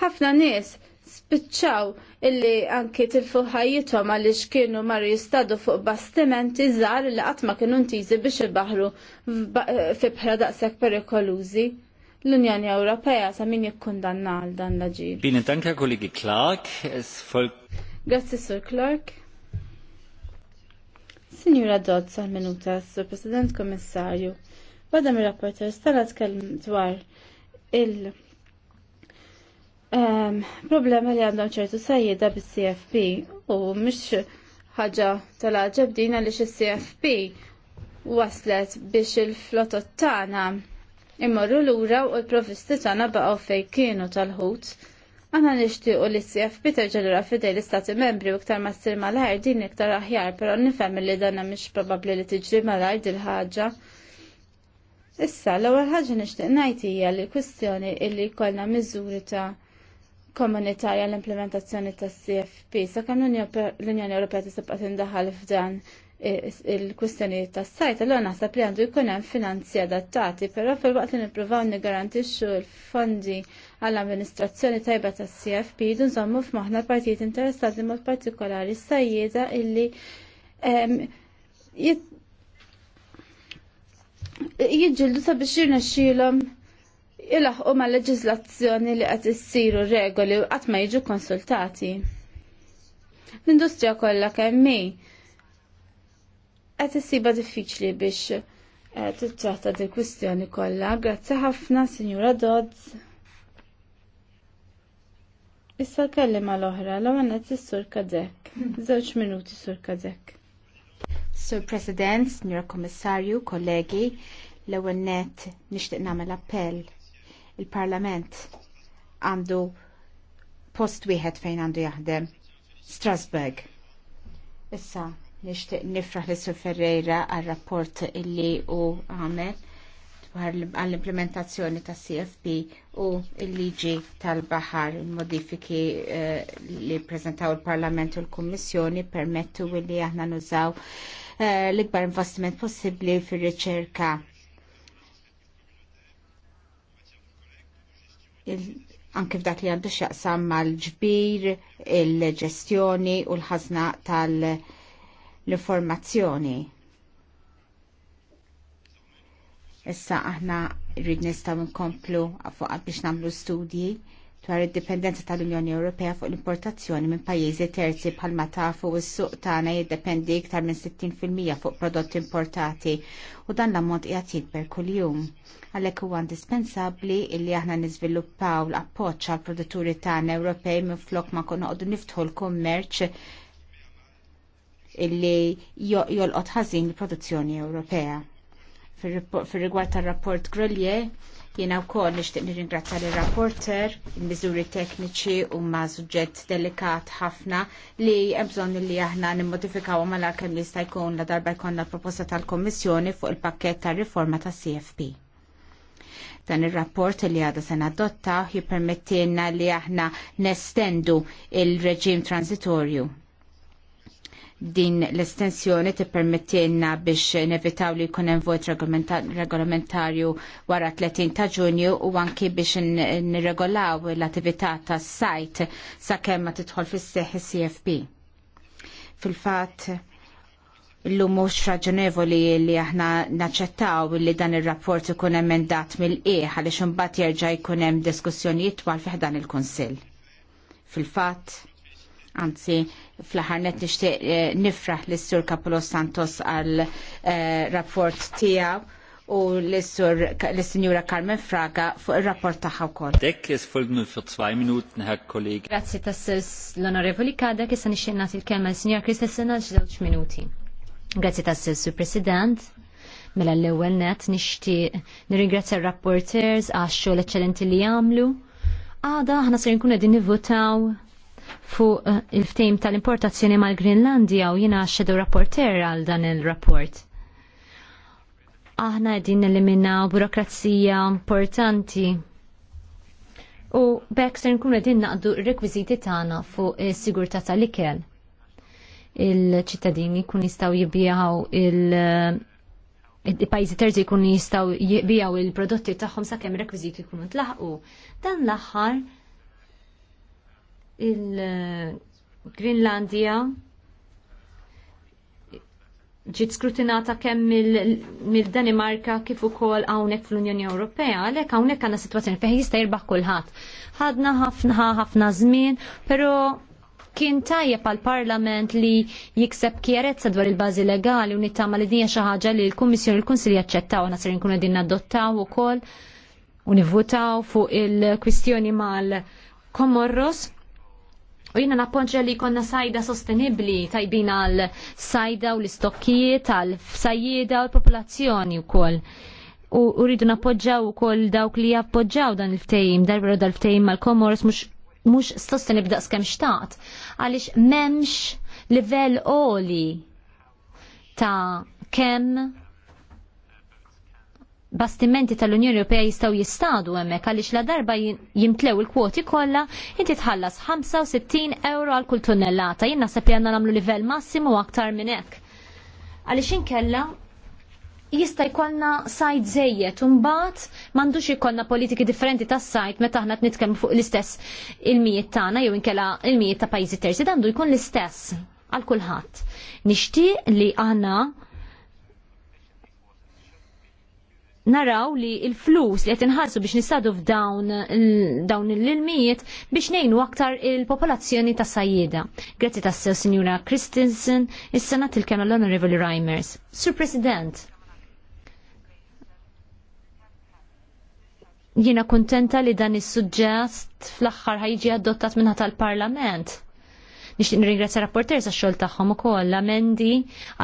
ħafna nies spiċċaw illi anki tilfu ħajjithom għaliex kienu marru jistadu fuq bastimenti żgħar li qatt ma kienu ntiżi biex ibaħru fi bħra daqshekk perikolużi l-Unjoni Ewropea sa min jikkundanna għal dan l-ġir. Bini tanka kollegi Clark, es folk. Grazzi Sur Clark. Signora Dodds minuta, Sur President Kommissarju. Bada mir rapporter stala tkellem dwar il- um, problema li għandhom ċertu sajjeda bis-CFP u mhix ħaġa tal-ġabdina li xi CFP waslet biex il-flotot tagħna immorru lura u l-provisti tana baqgħu fejn kienu tal-ħut. Aħna nixtiequ li CFP terġa' lura fidej l-Istati Membri u iktar mastir mal ħar din iktar aħjar, però nifem li danna mhix probabbli li tiġri mal-ħar din ħaġa. Issa l-ewwel ħaġa nixtieq ngħid hija li l-kwestjoni illi jkollna miżuri ta' komunitarja l-implementazzjoni tas CFP kam l-Unjoni Ewropea tista' tindaħal f'dan il-kwistjonijiet tas-sajt, allura naħseb li għandu jkun hemm finanzi adattati, però fil-waqt li nippruvaw nigarantixxu l-fondi għall-amministrazzjoni tajba tas-CFP jdu nżommu f'moħħna partijiet interessati mod partikolari s-sajjieda illi jiġġildu sabiex jirnexxielhom ilaħqu ma' leġiżlazzjoni li qed issiru regoli għat qatt ma jiġu konsultati. L-industrija kollha kemm s issiba diffiċli biex eh, titratta dil kwistjoni kollha. Grazzi ħafna, Signora Dodds. Issa kellim l-oħra, l-għan is-sur Kadek. Żewġ minuti sur Kadek. Sur President, Signora Kommissarju, kollegi, l-ewwel net nixtieq nagħmel appell. Il-Parlament għandu post wieħed fejn għandu jaħdem. Strasbourg. Issa, Nishtiq nifraħ li Ferreira għal rapport illi u għamel għall-implementazzjoni ta' CFP u l-liġi tal-bahar. Il-modifiki eh, li prezentaw il-Parlament u l-Kommissjoni permettu li aħna nużaw eh, l-ikbar investiment possibli fir-riċerka anke f'dak li għandu xaqsam mal-ġbir, il-ġestjoni u l-ħazna tal- l-informazzjoni. Issa aħna rrid nistgħu nkomplu fuq biex nagħmlu studji dwar id-dipendenza tal-Unjoni Ewropea fuq l-importazzjoni minn pajjiżi terzi bħalma tafu s-suq tagħna jiddependi iktar minn 60% fuq prodotti importati u dan l-ammont qiegħed jikber kuljum. Għalhekk huwa indispensabbli li aħna niżviluppaw l-appoġġ għall produtturi tagħna Ewropej minn flok ma kon noqogħdu niftħu l-kummerċ illi jolqot ħażin l-produzzjoni Ewropea. Fir-rigward tar-rapport Grolje, jiena wkoll nixtieq nirringrazzja lir rapporter il-miżuri tekniċi huma suġġett delikat ħafna li hemm bżonn li aħna nimmodifikaw malkemm li jista' jkun la darba jkollna proposta tal-Kommissjoni fuq il-pakkett tar-riforma tas-CFP dan il-rapport li għada sena nadotta jippermettilna li aħna nestendu il-reġim transitorju din l-estensjoni tippermettilna biex nevitaw li jkun hemm vot regolamentarju wara 30 ta' Ġunju u anki biex nirregolaw l-attività tas sajt sakemm ma tidħol fis-seħħ CFP. Fil-fatt illum mhux raġunevoli li aħna naċċettaw li dan ir-rapport ikun emendat mill-qiegħ għaliex imbagħad jerġa' jkun hemm diskussjonijiet twal fih dan il-Kunsill. Fil-fatt, Anzi, fl aħħar net nishtiq eh, nifraħ l-Sur Kapolos Santos għal eh, rapport tijaw u l-Sinjura sur Carmen Fraga fuq il-rapport taħħa wkoll. Dek is folgnu fuq 2 minuten, Herr Kolleg. Grazzi tassis l-Onorevoli Kada, kissa nixtieq nagħti l-kelma l-Sinjura Kristessina żewġ minuti. Grazzi tas Sur President. Mela l-ewwel net nixtieq nirringrazzja r-rapporters għax xogħol eċċellenti li jagħmlu. Għada aħna ser nkunu qegħdin nivvotaw fuq eh, il-ftejm tal-importazzjoni mal-Grinlandja u jina xedu rapporter għal dan il-rapport. Aħna għedin nelimina burokrazija importanti u Baxter nkunu għedin naqdu r-rekwiziti tagħna fuq is-sigurtà tal-ikel. Il-ċittadini kun jistgħu jibijaw il- eh, il-pajzi terzi kun jistaw jibijaw il-prodotti tagħhom sakemm rekwiżiti jkunu tlaħqu. Dan l-aħħar il-Grinlandija ġiet skrutinata kemm mill-Danimarka kif ukoll hawnhekk fl-Unjoni Ewropea, għalhekk hawnhekk għandna sitwazzjoni fejn jista' jirbaħ kulħadd. Ħadna ħafna ħafna żmien, però kien tajjeb għal parlament li jikseb kjerezza dwar il-bażi legali u nittama li dinja xi ħaġa li l-Kummissjoni u l-Kunsilli jaċċettaw għandna ser nkunu din ukoll u nivvutaw fuq il-kwistjoni mal-Komorros U jina napponġa li konna sajda sostenibli tajbina għal sajda u l-istokkijiet, għal sajjida u l-popolazzjoni u koll. U rridu nappoġġaw u koll dawk li jappoġġaw dan il-ftejim, darbero dal-ftejim mal-komors mux, mux sostenib daqs kem xtaqt, għalix memx livell oli ta' kem bastimenti tal-Unjoni Ewropea jistgħu jistadu hemmhekk għaliex la darba jimtlew il-kwoti kollha inti tħallas 65 euro għal kull tunnellata. Jien naħseb li għandna nagħmlu livell massimu aktar minn hekk. Għaliex inkella jista' jkollna sajt żejjed u mbagħad m'għandux ikollna politiki differenti tas-sajt meta aħna nitkellmu fuq l-istess il-mijiet tagħna jew inkella il-mijiet ta' pajjiżi terzi għandu jkun l-istess għal kulħadd. Nixtieq li għandna naraw li il-flus li qed inħallsu biex nistadu f'dawn dawn l-ilmijiet biex nejnu aktar il-popolazzjoni ta' sajjida. Grazzi ta' sew Sinjura Christensen, is-sena tilkema l-Honorable Reimers. Sur President, jiena kuntenta li dan is-suġġest fl-aħħar ħajġi adottat minna tal-Parlament Nixtieq nirringrazzja rapporter sa' xogħol tagħhom ukoll l-amendi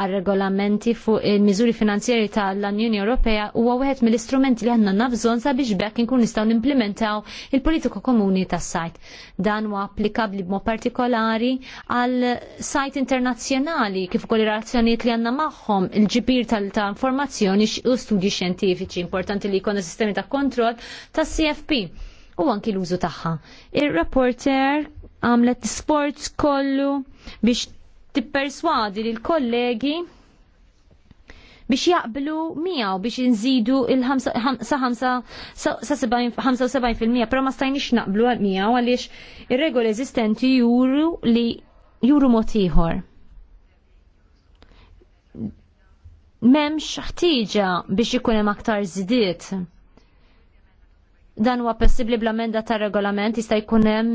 għar-regolamenti fuq il-miżuri finanzjari tal-Unjoni Ewropea huwa wieħed mill-istrumenti li għandna nafżon sabiex bekk inkun nistgħu nimplementaw il-politika komuni tas-sajt. Dan huwa applikabbli b'mod partikolari għal sajt internazzjonali kif ukoll ir-relazzjonijiet li għandna magħhom il-ġibir tal-ta' informazzjoni u studji xjentifiċi importanti li jkollna sistemi ta' kontroll tas-CFP u anki l-użu tagħha. Ir-rapporter għamlet sports kollu biex tipperswadi lil kollegi biex jaqblu miegħu biex inżidu il-75% però ma stajniex naqblu għal miegħu għaliex ir-regoli eżistenti juru li juru mod ieħor. M'hemmx ħtieġa biex ikun hemm aktar zidiet. dan huwa possibbli bl-amenda tar regolament jista' jkun hemm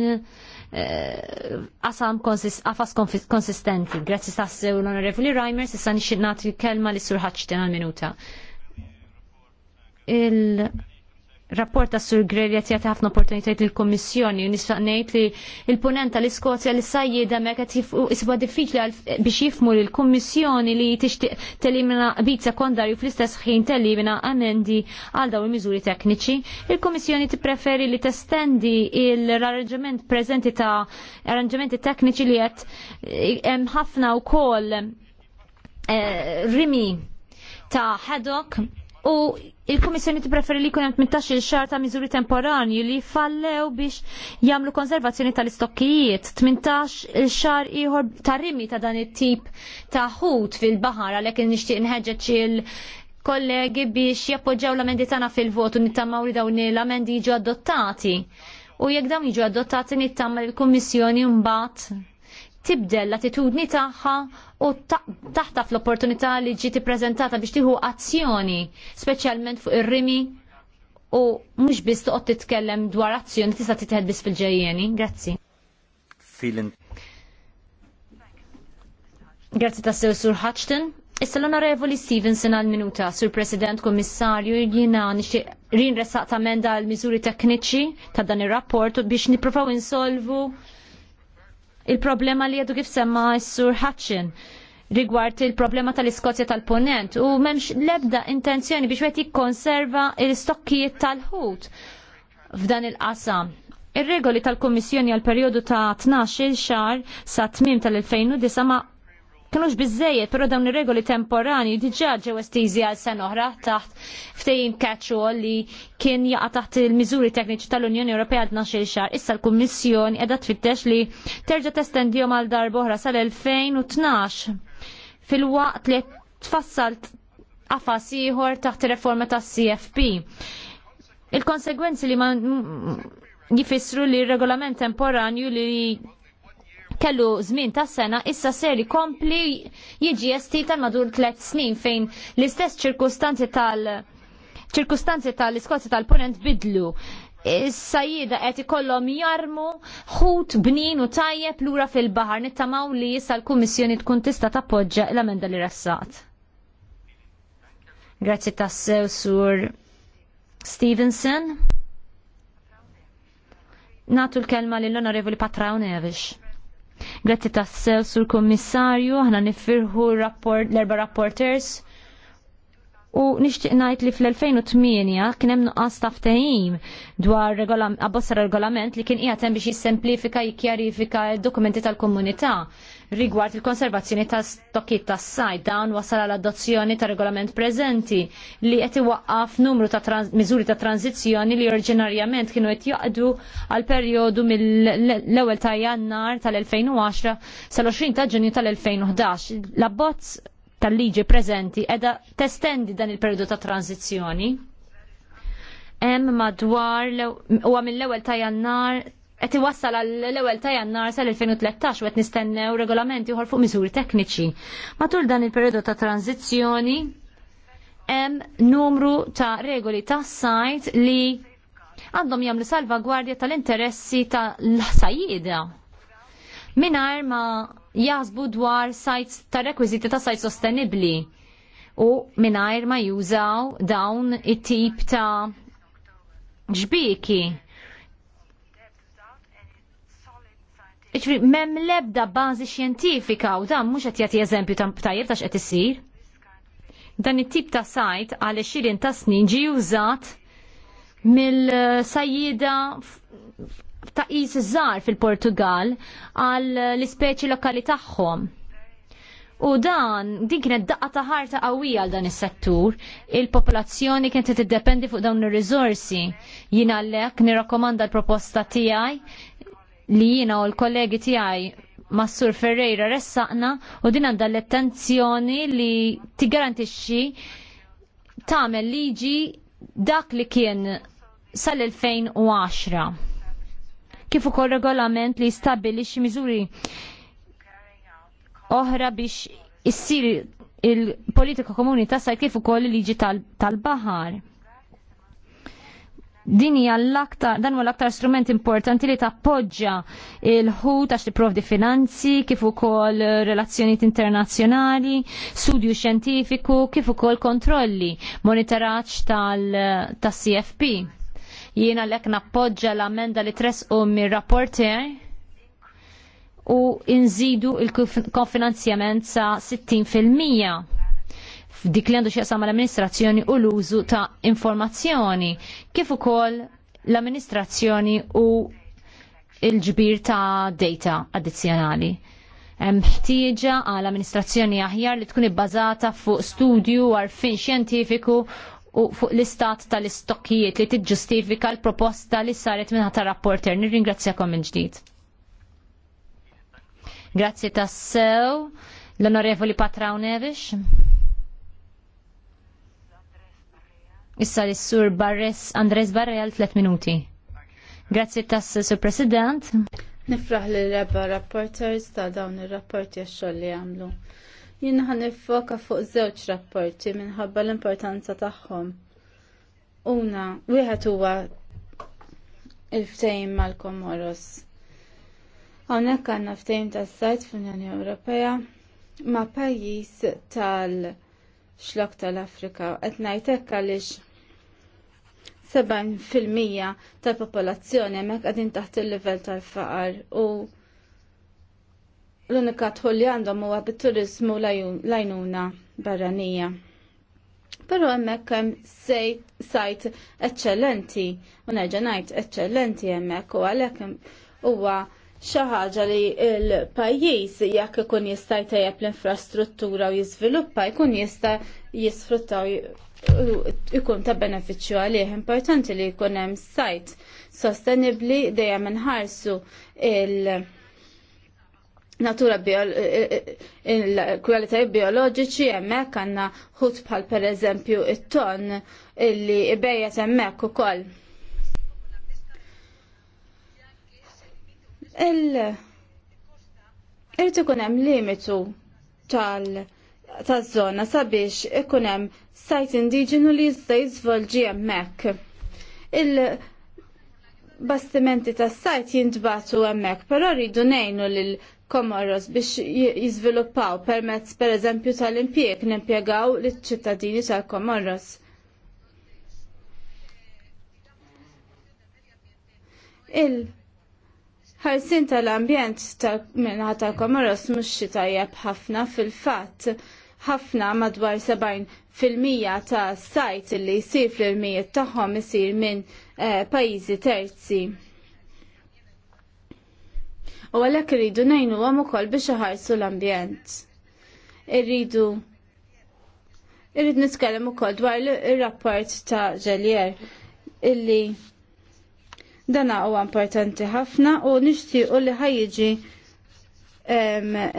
Eh, qasam qafas konsistenti. Grazzi sassew l-Onorevoli Reimer, sissa sani xinnati kelma li sur Ħaċtin minuta Il- rapport ta' Sur Grelli qed jagħti ħafna opportunitajiet lill-Kummissjoni u nista' ngħid li l-punent tal-Iskozja li sajjieda mekk qed iswa diffiċli biex jifmu lill kummissjoni li tixtieq telimina bit sekondarju fl-istess ħin telimina amendi għal dawn il-miżuri tekniċi. Il-Kummissjoni tippreferi li testendi l-arranġament preżenti ta' arranġamenti tekniċi li qed eh, hemm ħafna wkoll eh, rimi ta' ħadok u il-Kummissjoni tippreferi li jkun hemm 18-il xahar ta' miżuri temporani li fallew biex jagħmlu konservazzjoni tal-istokkijiet, 18 xahar ieħor ta' rimi ta' dan it-tip ta' ħut fil-baħar għalhekk nishtiq inħeġġeġ il- kollegi biex jappoġġaw l-amendi tana fil-votu nittammaw li dawn l-amendi jiġu adottati. U jekk dawn jiġu adottati nittammaw l-Kummissjoni mbagħad tibdel l-attitudni tagħha u taħtaf l-opportunità li ġi tippreżentata biex tieħu azzjoni, speċjalment fuq ir-rimi u mhux biss toqgħod titkellem dwar azzjoni tista' titħed biss fil-ġejjeni. Grazzi. Grazzi ta' sew Sur Hutchton. Issa l-Onorevoli Stevenson għal minuta, Sur President Kommissarju, jiena nixtieq rinresaq ta' menda għal miżuri tekniċi ta' dan ir-rapport biex nipprovaw insolvu il-problema li jadu kif semma s-sur Hutchin rigward il-problema tal-Iskozja tal-Ponent u memx lebda intenzjoni biex wet jikkonserva il-stokkijiet tal-ħut f'dan il-qasam. Ir-regoli tal-Kommissjoni għal perjodu ta' 12 xar sa' tmim tal-2009 ma' kienux bizzejiet, pero dawn ir-regoli temporani diġà ġew estiżi għal sena oħra taħt ftehim catch li kien jaqa' taħt il-miżuri tekniċi tal-Unjoni Ewropea għadna 12 xahar. Issa l-Kummissjoni qiegħda tfittex li terġa' testendihom għal darba oħra sal-2012 fil-waqt li tfassalt qafas ieħor taħt ir-reforma tas-CFP. Il-konsegwenzi li ma jifissru li regolament temporanju li kellu żmien ta' sena issa ser jkompli jiġi esti tal-madur tliet snin fejn l-istess ċirkustanzi tal- ċirkustanzi tal-Iskozja tal-Punent bidlu. Is-sajjida qed ikollhom jarmu ħut bnin u tajjeb lura fil-baħar nittamaw li issa l-Kummissjoni tkun tista' tappoġġa l-amenda li ressat. Grazzi tassew sur Stevenson. Natu l-kelma lill-Onorevoli Patraw Nevis. Grazzi tassel, sur kommissarju, aħna nifirħu l-erba rapporters. U nixtieq ngħid li fl-2008 kien hemm nuqqas ftehim dwar abbozza regolament li kien qiegħed hemm biex jissemplifika jikkjarifika d-dokumenti tal-komunità rigward il-konservazzjoni ta' stokkiet tas sajd dawn wasal għal adozzjoni ta' regolament preżenti li qed iwaqqaf numru ta' miżuri ta' tranzizzjoni li oriġinarjament kienu qed jaqdu għal perjodu mill-ewwel ta' Jannar tal-2010 sal-20 ta' Ġunju tal-2011. L-abbozz tal-liġi preżenti qiegħda testendi dan il-perjodu ta' tranzizzjoni hemm madwar huwa mill-ewwel ta' Jannar qed iwassal għall-ewwel ta' jannar sal-2013 u qed nistennew regolamenti uħor fuq miżuri tekniċi. Matul dan il-perjodu ta' tranzizzjoni hemm numru ta' regoli ta' sajt li għandhom jagħmlu salvagwardja tal-interessi ta' l-sajjida. Minar ma jaħsbu dwar sajt ta' rekwiziti ta' sajt sostenibli u minar ma jużaw dawn it-tip ta' ġbiki Iġri, mem lebda bażi xjentifika u dan mhux qed jagħti eżempju ta' tajjeb ta' x'qed isir. Dan it-tip ta' sajt għal xirin ta' snin ġi użat mill-sajjida ta' is żgħar fil-Portugal għal l-ispeċi lokali tagħhom. U dan, din kienet daqqa ta' ħarta qawwija għal dan is-settur, il-popolazzjoni kienet tiddependi fuq dawn ir-riżorsi. Jien għalhekk nirrakkomanda l-proposta tiegħi li jina u l-kollegi tijaj Massur Ferreira ressaqna u din għandha l-attenzjoni li tigarantixxi tagħmel liġi dak li kien sal-2010. Kif ukoll regolament li stabbilixxi miżuri oħra biex issir il-politika komuni tasal kif ukoll il-liġi tal-baħar. tal baħar din hija l-aktar dan huwa l-aktar strument importanti li tappoġġja il-ħut għax tipprovdi finanzi, kif ukoll relazzjonijiet internazzjonali, studju xjentifiku, kif ukoll kontrolli, monitoraġġ tal-CFP. Jiena l-ek nappoġġa l-amenda li u mir rapporti u nżidu il-kofinanzjament sa' 60% dik li għandu xieqsam l amministrazzjoni u l-użu ta' informazzjoni, kif ukoll l-amministrazzjoni u il-ġbir ta' data addizzjonali. Hemm ħtieġa għal amministrazzjoni aħjar li tkun ibbażata fuq studju għarfin xjentifiku u fuq l-istat tal-istokkijiet li tiġġustifika l-proposta li saret minn ta' rapporter. Nirringrazzjakom minn ġdid. Grazzi tassew l-onorevoli Patraw Issa l-sur Barres, Andres Barrel, 3 minuti. Grazzi tas, sur President. Nifraħ li reba rapporters ta' dawn il-rapporti għaxol li għamlu. Jien għan nifoka fuq żewġ rapporti minħabba l-importanza tagħhom. Una, wieħed huwa il-ftejn mal-Komoros. Hawnhekk għandna ftejn tas-sajt fl-Unjoni Ewropea ma' pajjiż tal- xlok tal-Afrika. Qed hekk għaliex fil-mija tal-popolazzjoni hemmhekk qegħdin taħt il-livell tal-faqar u l-unika tħol li għandhom huwa bit-turiżmu lajnuna barranija. Però hemmhekk hemm sajt eċċellenti u nerġa' ngħid eċċellenti hemmhekk u għalhekk huwa xi ħaġa li l-pajjiż jekk ikun jista' jtejjeb l-infrastruttura u jiżviluppa jkun jista' jisfruttaw ikun ta' benefiċċju għalih importanti li jkun hemm sajt sostenibbli dejjem inħarsu il- natura il-kwalitajiet bioloġiċi hemmhekk għandna ħut bħal pereżempju it-ton illi ibejjet hemmhekk ukoll. il- Irrid ikun hemm limitu tal- taż-żona sabiex ikun hemm sajt indiġenu li jista' jiżvolġi hemmhekk. Il-bastimenti tas-sajt jintbatu hemmhekk, però rridu ngħinu lil Komoros biex jiżviluppaw permezz pereżempju tal-impjeg nimpjegaw liċ-ċittadini tal-Komoros. Il- ħarsin tal-ambjent ta' minna tal-Komoros mux tajjeb ħafna fil-fat ħafna madwar 70% ta' sajt li jisir fl-irmijiet tagħhom isir minn eh, pajjiżi terzi. U għalhekk irridu nejnu għam ukoll biex iħarsu l-ambjent. Irridu Irrid nitkellem ukoll dwar ir-rapport ta' Ġelier illi Dana huwa importanti ħafna u nixtiequ li ħajjiġi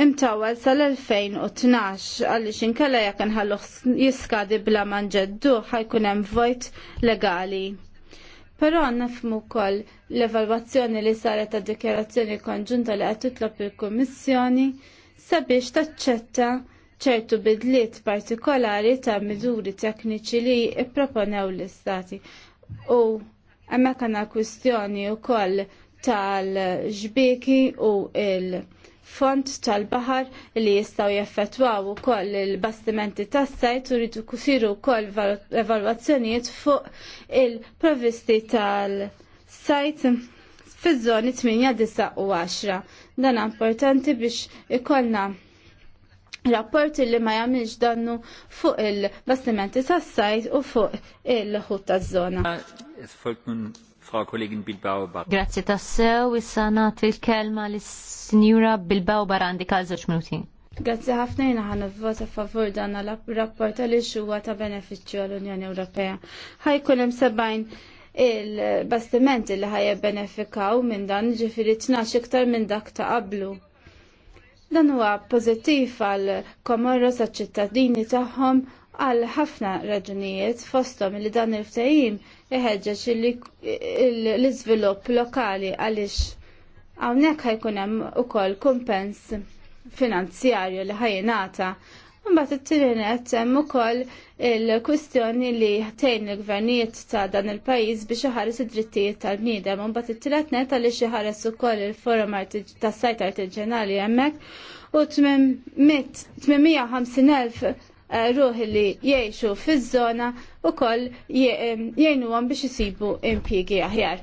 imtawal sal-2012 għaliex inkella jekk inħalluh jiskadi bla manġeddu ħajkun hemm vojt legali. Però nifmu wkoll l-evalwazzjoni li saret ta' dikjarazzjoni konġunta li qed titlob il-Kummissjoni sabiex taċċetta ċertu bidliet partikolari ta' miduri tekniċi li ipproponew l-istati u Hemmhekk għandna kwistjoni wkoll tal ġbiki u il- font tal-bahar li jistaw jaffetwaw ukoll il-bastimenti tas-sajt u rridu kusiru wkoll evalwazzjonijiet fuq il-provisti tal-sajt fiż-żoni 8, 9 u 10. Dan importanti biex ikollna Rapporti li ma jagħmilx dannu fuq il-bastimenti tas-sajt u fuq il-ħut taż-żona. Grazzi tassew, issa nagħti il kelma lis-Sinjura Bilbao Barandi kal żewġ minuti. Grazzi ħafna jina ħan vota favur dan l-rapport li xuwa ta' benefiċċju għall-Unjoni Ewropea. Ħajkun hemm sebgħin il-bastimenti li ħajja benefikaw minn dan ġifieri tnax iktar minn dak ta' qablu. Dan huwa pożittiv għal Komoros għaċ-ċittadini tagħhom għal ħafna raġunijiet fosthom li dan il ftehim iħeġġeġ l-iżvilupp lokali għaliex hawnhekk ħajkun hemm ukoll kumpens finanzjarju li ħajinata Mbagħad it-tieni qed hemm ukoll il-kwistjoni li ħtejn il-gvernijiet ta' dan il-pajjiż biex iħares id-drittijiet tal-bniedem, mbagħad it-tielet net għaliex ħares ukoll il-forum tas-sajt artiġjanali hemmhekk u 850,000 eh, ruħi li jgħixu fiż-żona u koll jgħinuhom biex isibu impjiegi aħjar.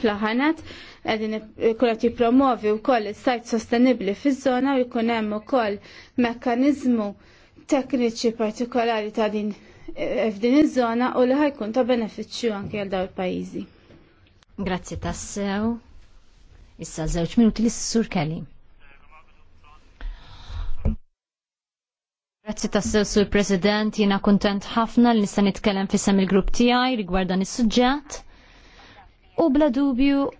Plaħanat għedin kullat jipromovi u koll il-sajt sostenibli fiż-żona u jkun hemm ukoll mekkanizmu tekniċi partikolari ta' din eh, f'din iż-żona u li ħajkun ta' benefiċċju anke għal daw il-pajjiżi. Grazzi tassew. Issa żewġ minuti li sur Kelly. Grazzi tassew sur President, jiena kuntent ħafna li nista' nitkellem fissem il-grupp tiegħi rigward dan is-suġġett u bla dubju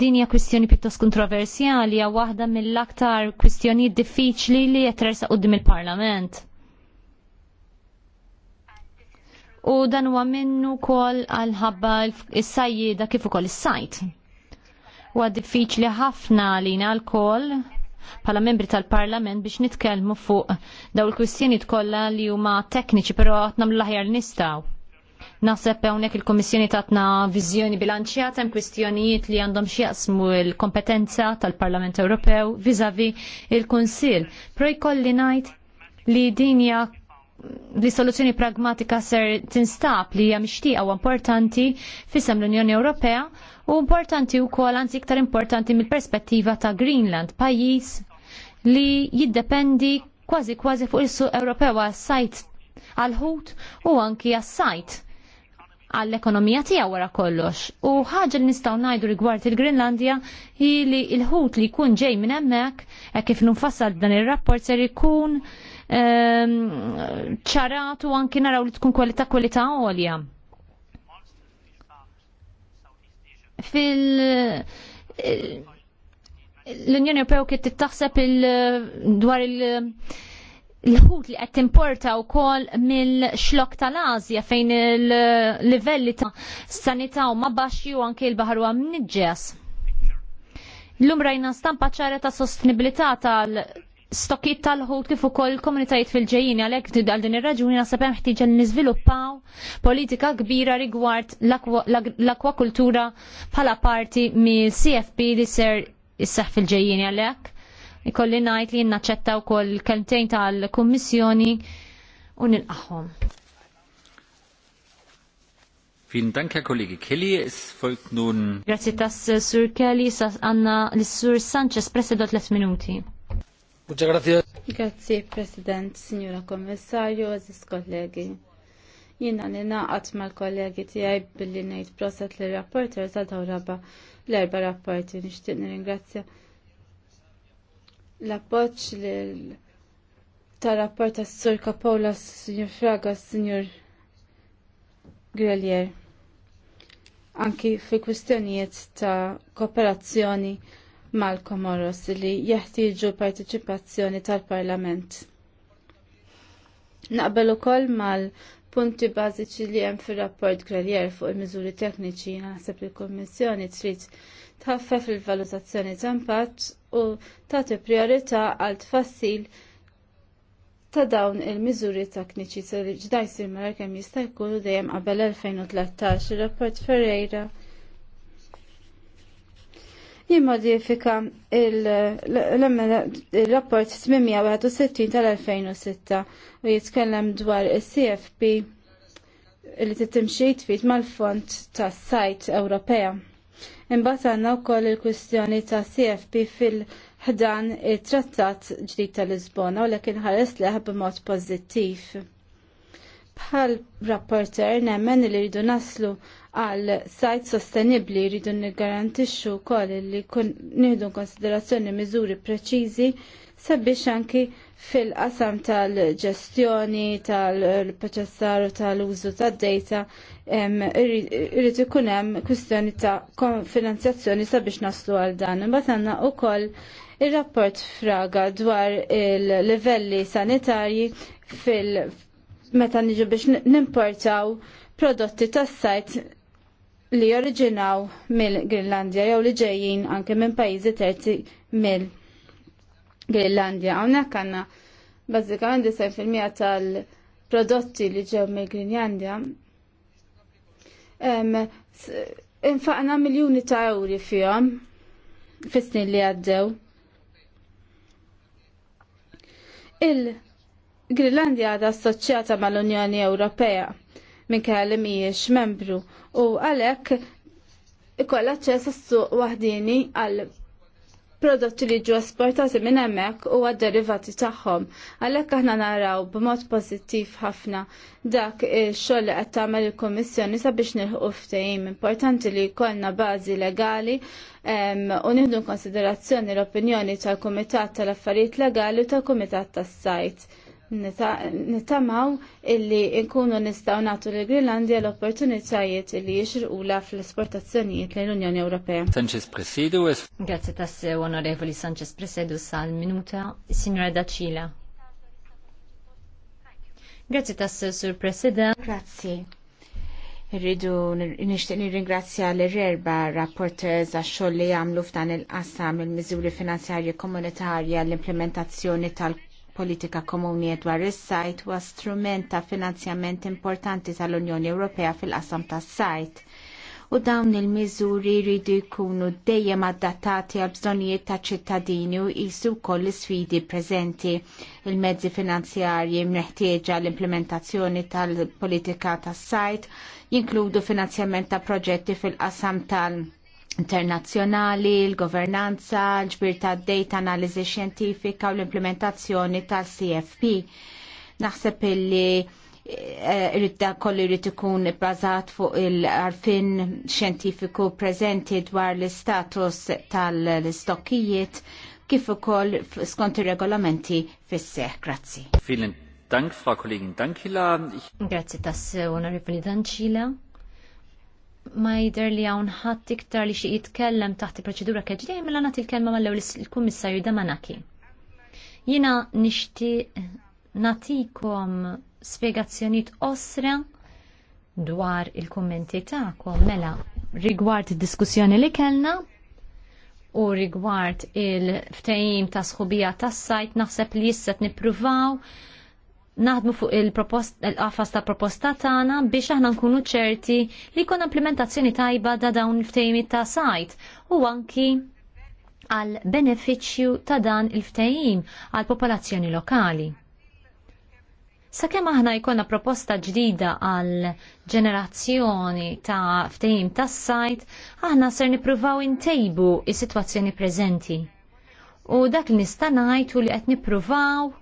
din hija kwistjoni pittos kontroversjali hija waħda mill-aktar kwistjonijiet diffiċli li qed tersa qudiem il-Parlament. U dan huwa minnu kol għal-ħabba is-sajjieda kif ukoll is-sajt. Huwa diffiċli ħafna lina għal kol bħala membri tal-Parlament biex nitkellmu fuq daw il-kwistjonijiet kollha li huma tekniċi però għatnam nagħmlu l-aħjar nistgħu Naħseb hawnhekk il-Kummissjoni tatna viżjoni bilanċjata hemm kwistjonijiet li għandhom x'jaqsmu l-kompetenza tal-Parlament Ewropew viżavi il-Kunsill. Pro jkolli ngħid li din hija li soluzzjoni pragmatika ser tinstab li hija mixtieqa u importanti fisem l-Unjoni Ewropea u importanti wkoll anzi iktar importanti mill-perspettiva ta' Greenland, pajjiż li jiddependi kważi kważi fuq il-suq Ewropew għas-sajt għal-ħut u anki għas-sajt għall-ekonomija tiegħu wara kollox. U ħaġa li nistgħu ngħidu rigward il greenlandja hi li l-ħut li jkun ġej minn hemmhekk hekk kif nfassal dan ir-rapport ser ikun ehm, ċaratu anki naraw li tkun kwalità kwalità għolja. Fil- eh, l-Unjoni Ewropew kif tittaħseb dwar il- l-ħut li qed importa wkoll mill-xlok tal azja fejn il-livelli ta' sanità huma baxxi u anke l-baħar huwa mniġġes. Lum rajna stampa ċara ta' sostenibilità tal stokkiet tal-ħut kif ukoll il komunitajiet fil-ġejjin għalhekk għal din ir-raġuni naħseb hemm ħtieġa niżviluppaw politika kbira rigward l-akwakultura bħala parti mill-CFP li ser isseħ fil-ġejjin għalhekk ikolli ngħid li naċċetta wkoll kelmtejn tal-Kummissjoni u nilqahom. Vielen Dank, Herr Kollege Kelly. Es folgt nun... Grazie tas Sur Kelly, sas Anna, l-Sur Sanchez, Präsident, les minuti. Muchas gracias. Grazie, President, Signora Kommissarju, Aziz Kollegi. Jina li naqat mal-kollegi tijaj billi nejt proset li rapporter ta' raba l-erba rapporti. nishtiqni nir l-appoċ tal rapport ta' s-sur Kapola, s-signor Fraga, s-signor Grelier. Anki fi kwistjonijiet ta' kooperazzjoni mal-Komoros li jeħtieġu partiċipazzjoni tal-Parlament. Naqbel ukoll mal-punti bażiċi li hemm fir-rapport Grelier fuq il-miżuri tekniċi naħseb il-Kummissjoni trid tħaffef il-valutazzjoni ta' impatt u tagħti priorità għal tfassil ta' dawn il-miżuri tekniċi se ġdaj simmer mela kemm jista' jkunu dejjem qabel 2013 ir-rapport Ferreira jimmodifika il-rapport 861 tal-2006 u jitkellem dwar is-CFP li t-timxiet fit mal-font tas-sajt Ewropea. Imbagħad għandna wkoll il-kwistjoni ta' CFP fil-ħdan it-Trattat ġdid ta' Lisbona u lekin ħares leħ b'mod pożittiv. Bħal rapporter nemmen li rridu naslu għal sajt sostenibli rridu niggarantixxu wkoll li nieħdu konsiderazzjoni miżuri preċiżi sabiex anki fil-qasam tal-ġestjoni, tal-proċessar, tal-użu tad-data, irrid ikun hemm kwistjoni ta' finanzjazzjoni sabiex naslu għal dan. Imbagħad għandna wkoll ir-rapport fraga dwar il-livelli sanitarji fil- meta niġu biex nimportaw prodotti tas-sajt li oriġinaw mill-Grinlandja jew li ġejjin anke minn pajjiżi terzi mill Grenlandja. Hawnhekk għandna bażikament 90% tal-prodotti li ġew mill-Grenlandja. Infaqna miljuni ta' euri fihom fis-snin li għaddew. Il-Grenlandja għadha assoċjata mal-Unjoni Ewropea minn kelli mhijiex membru u għalhekk ikolla ċess s-suq wahdini għal prodotti li ġu esportati minn hemmhekk u għad-derivati tagħhom. Għalhekk aħna naraw b'mod pożittiv ħafna dak ix-xogħol li qed tagħmel il-Kummissjoni sabiex nilħu ftehim. Importanti li jkollna bażi legali u nieħdu konsiderazzjoni l-opinjoni tal-Kumitat tal-Affarijiet Legali u tal-Kumitat tas-Sajt nittamaw illi nkunu nistaw natu li Grillandja l-opportunitajiet illi jixrqula fl-esportazzjonijiet l-Unjoni Ewropea. Sanchez Presidu. Grazie tasse, onorevoli Sanchez Presidu, sal-minuta, signora Dacila. Grazie tasse, sur President. Grazie. Irridu nishtiq nirringrazzja l-erba rapporters għax xogħol li jagħmlu f'dan il-qassam il-miżuri finanzjarji komunitarja l-implementazzjoni tal- politika komuni dwar is-sajt huwa strument ta' finanzjament importanti tal-Unjoni Ewropea fil-qasam tas-sajt. U dawn il-miżuri jridu jkunu dejjem adattati għal bżonnijiet ta' ċittadini u jisu wkoll l-isfidi preżenti. Il-mezzi finanzjarji mneħtieġa l-implementazzjoni tal-politika tas-sajt jinkludu finanzjament ta' proġetti fil-qasam tal-, -tal internazzjonali, l-governanza, l-ġbir ta' data analiżi xjentifika u l-implementazzjoni tal-CFP. Naħseb illi eh, irridda kollu jrid ikun bbażat fuq il-arfin xjentifiku preżenti dwar l-istatus tal-istokkijiet kif ukoll skont ir-regolamenti fis-seħ. Grazzi. Vielen Dank, Frau Kollegin Dankila. Grazzi tas, Onorevoli Dankila ma jider li hawn ħadd iktar li xi jitkellem taħt il-proċedura keġdej mela nagħti il-kelma mal il-Kummissarju Damanaki. Jiena nixtieq natikom spjegazzjonijiet osra dwar il-kummenti tagħkom mela rigward id-diskussjoni li kellna u rigward il-ftehim ta' sħubija tas-sajt naħseb li jisset nippruvaw naħdmu fuq il-qafas ta' proposta tagħna biex aħna nkunu ċerti li jkun implementazzjoni tajba da' dawn il ftejmi ta' sajt u anki għal benefiċċju ta' dan il-ftejim għal popolazzjoni lokali. Sakemm aħna jkollna proposta ġdida għal ġenerazzjoni ta' ftehim tas-sajt, aħna ser nippruvaw intejbu is-sitwazzjoni preżenti. U dak li nista' ngħid li qed nippruvaw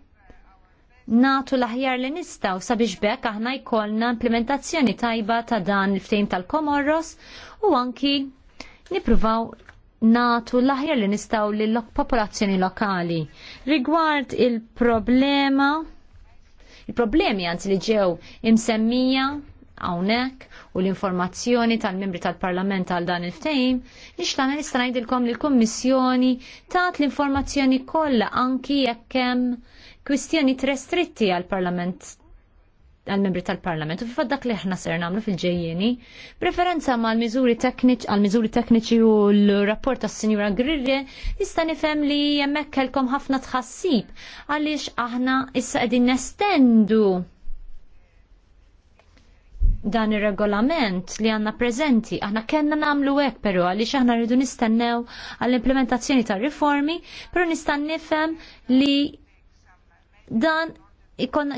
natu l-aħjar li nistaw sabiex bekk aħna jkollna implementazzjoni tajba ta' dan il-ftejm tal-Komorros u anki nipruvaw natu l-aħjar li nistaw li popolazzjoni lokali. Rigward il-problema, il-problemi għanzi li ġew imsemmija għawnek u l-informazzjoni tal-membri tal-parlament għal dan il-ftejm, nixtana nista' ngħidilkom li l-Kommissjoni taħt l-informazzjoni kollha anki jekk hemm kwistjoni trestritti għal-Parlament għal-membri tal-Parlament u fi dak li ħna ser namlu fil-ġejjeni, preferenza ma l-mizuri tekniċi għal-mizuri tekniċi u l-rapport tas sinjura Grirre nista' nifhem li hemmhekk kelkom ħafna tħassib għaliex aħna issa qegħdin nestendu dan ir-regolament li għanna preżenti, aħna kellna nagħmlu hekk però għaliex aħna rridu nistennew għall-implementazzjoni tar riformi, però nista' nifhem li dan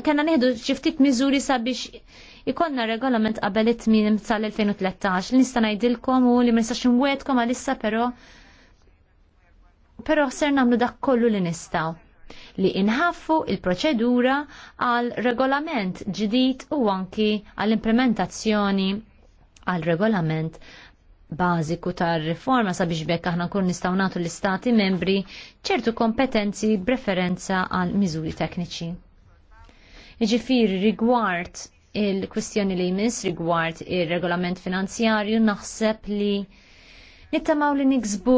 kena nieħdu xiftit miżuri sabiex ikonna regolament qabel it-tmiem tal-2013. Nista' ngħidilkom u li ma nistax għalissa però però ser nagħmlu dak kollu li nistaw li inħaffu il-proċedura għal regolament ġdid u anki għall implementazzjoni għal regolament bażiku tar-riforma sabiex bekk aħna nkun nistgħu nagħtu l-istati membri ċertu kompetenzi b'referenza għal miżuri tekniċi. Jiġifieri rigward il-kwistjoni li jmiss rigward ir-regolament finanzjarju naħseb li nittamaw li niksbu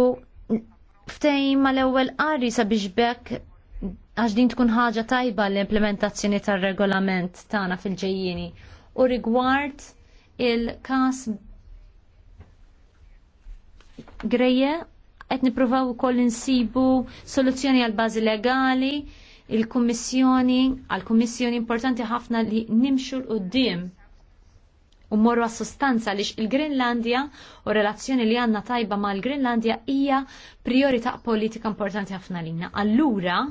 ftejn mal-ewwel qari sabiex bekk għax din tkun ħaġa tajba l-implementazzjoni tar-regolament tagħna fil-ġejjieni u rigward il-każ Greje qed nippruvaw ukoll insibu soluzzjoni għal bażi legali il-kummissjoni għal kummissjoni importanti ħafna li nimxu l qudiem u morru għas sostanza lix il-Grenlandja u relazzjoni li għanna tajba ma' l-Grenlandja hija priorità politika importanti ħafna l-inna. Allura,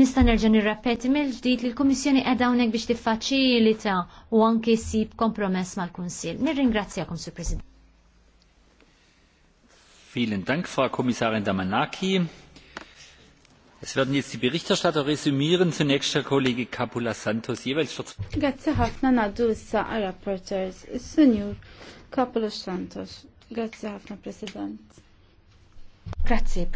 Nista' nerġa' nirrepeti mill-ġdid li l kommissjoni qiegħda hawnhekk biex tiffaċilita u anke ssib kompromess mal-Kunsill. Nirringrazzjakom, Sur President. Vielen Dank, Frau Kommissarin Damanaki. Es werden jetzt die Berichterstatter resümieren. Zunächst Kollege Capula Santos jeweils für Grazie ħafna naddu issa Capula Santos. Grazie President. Grazie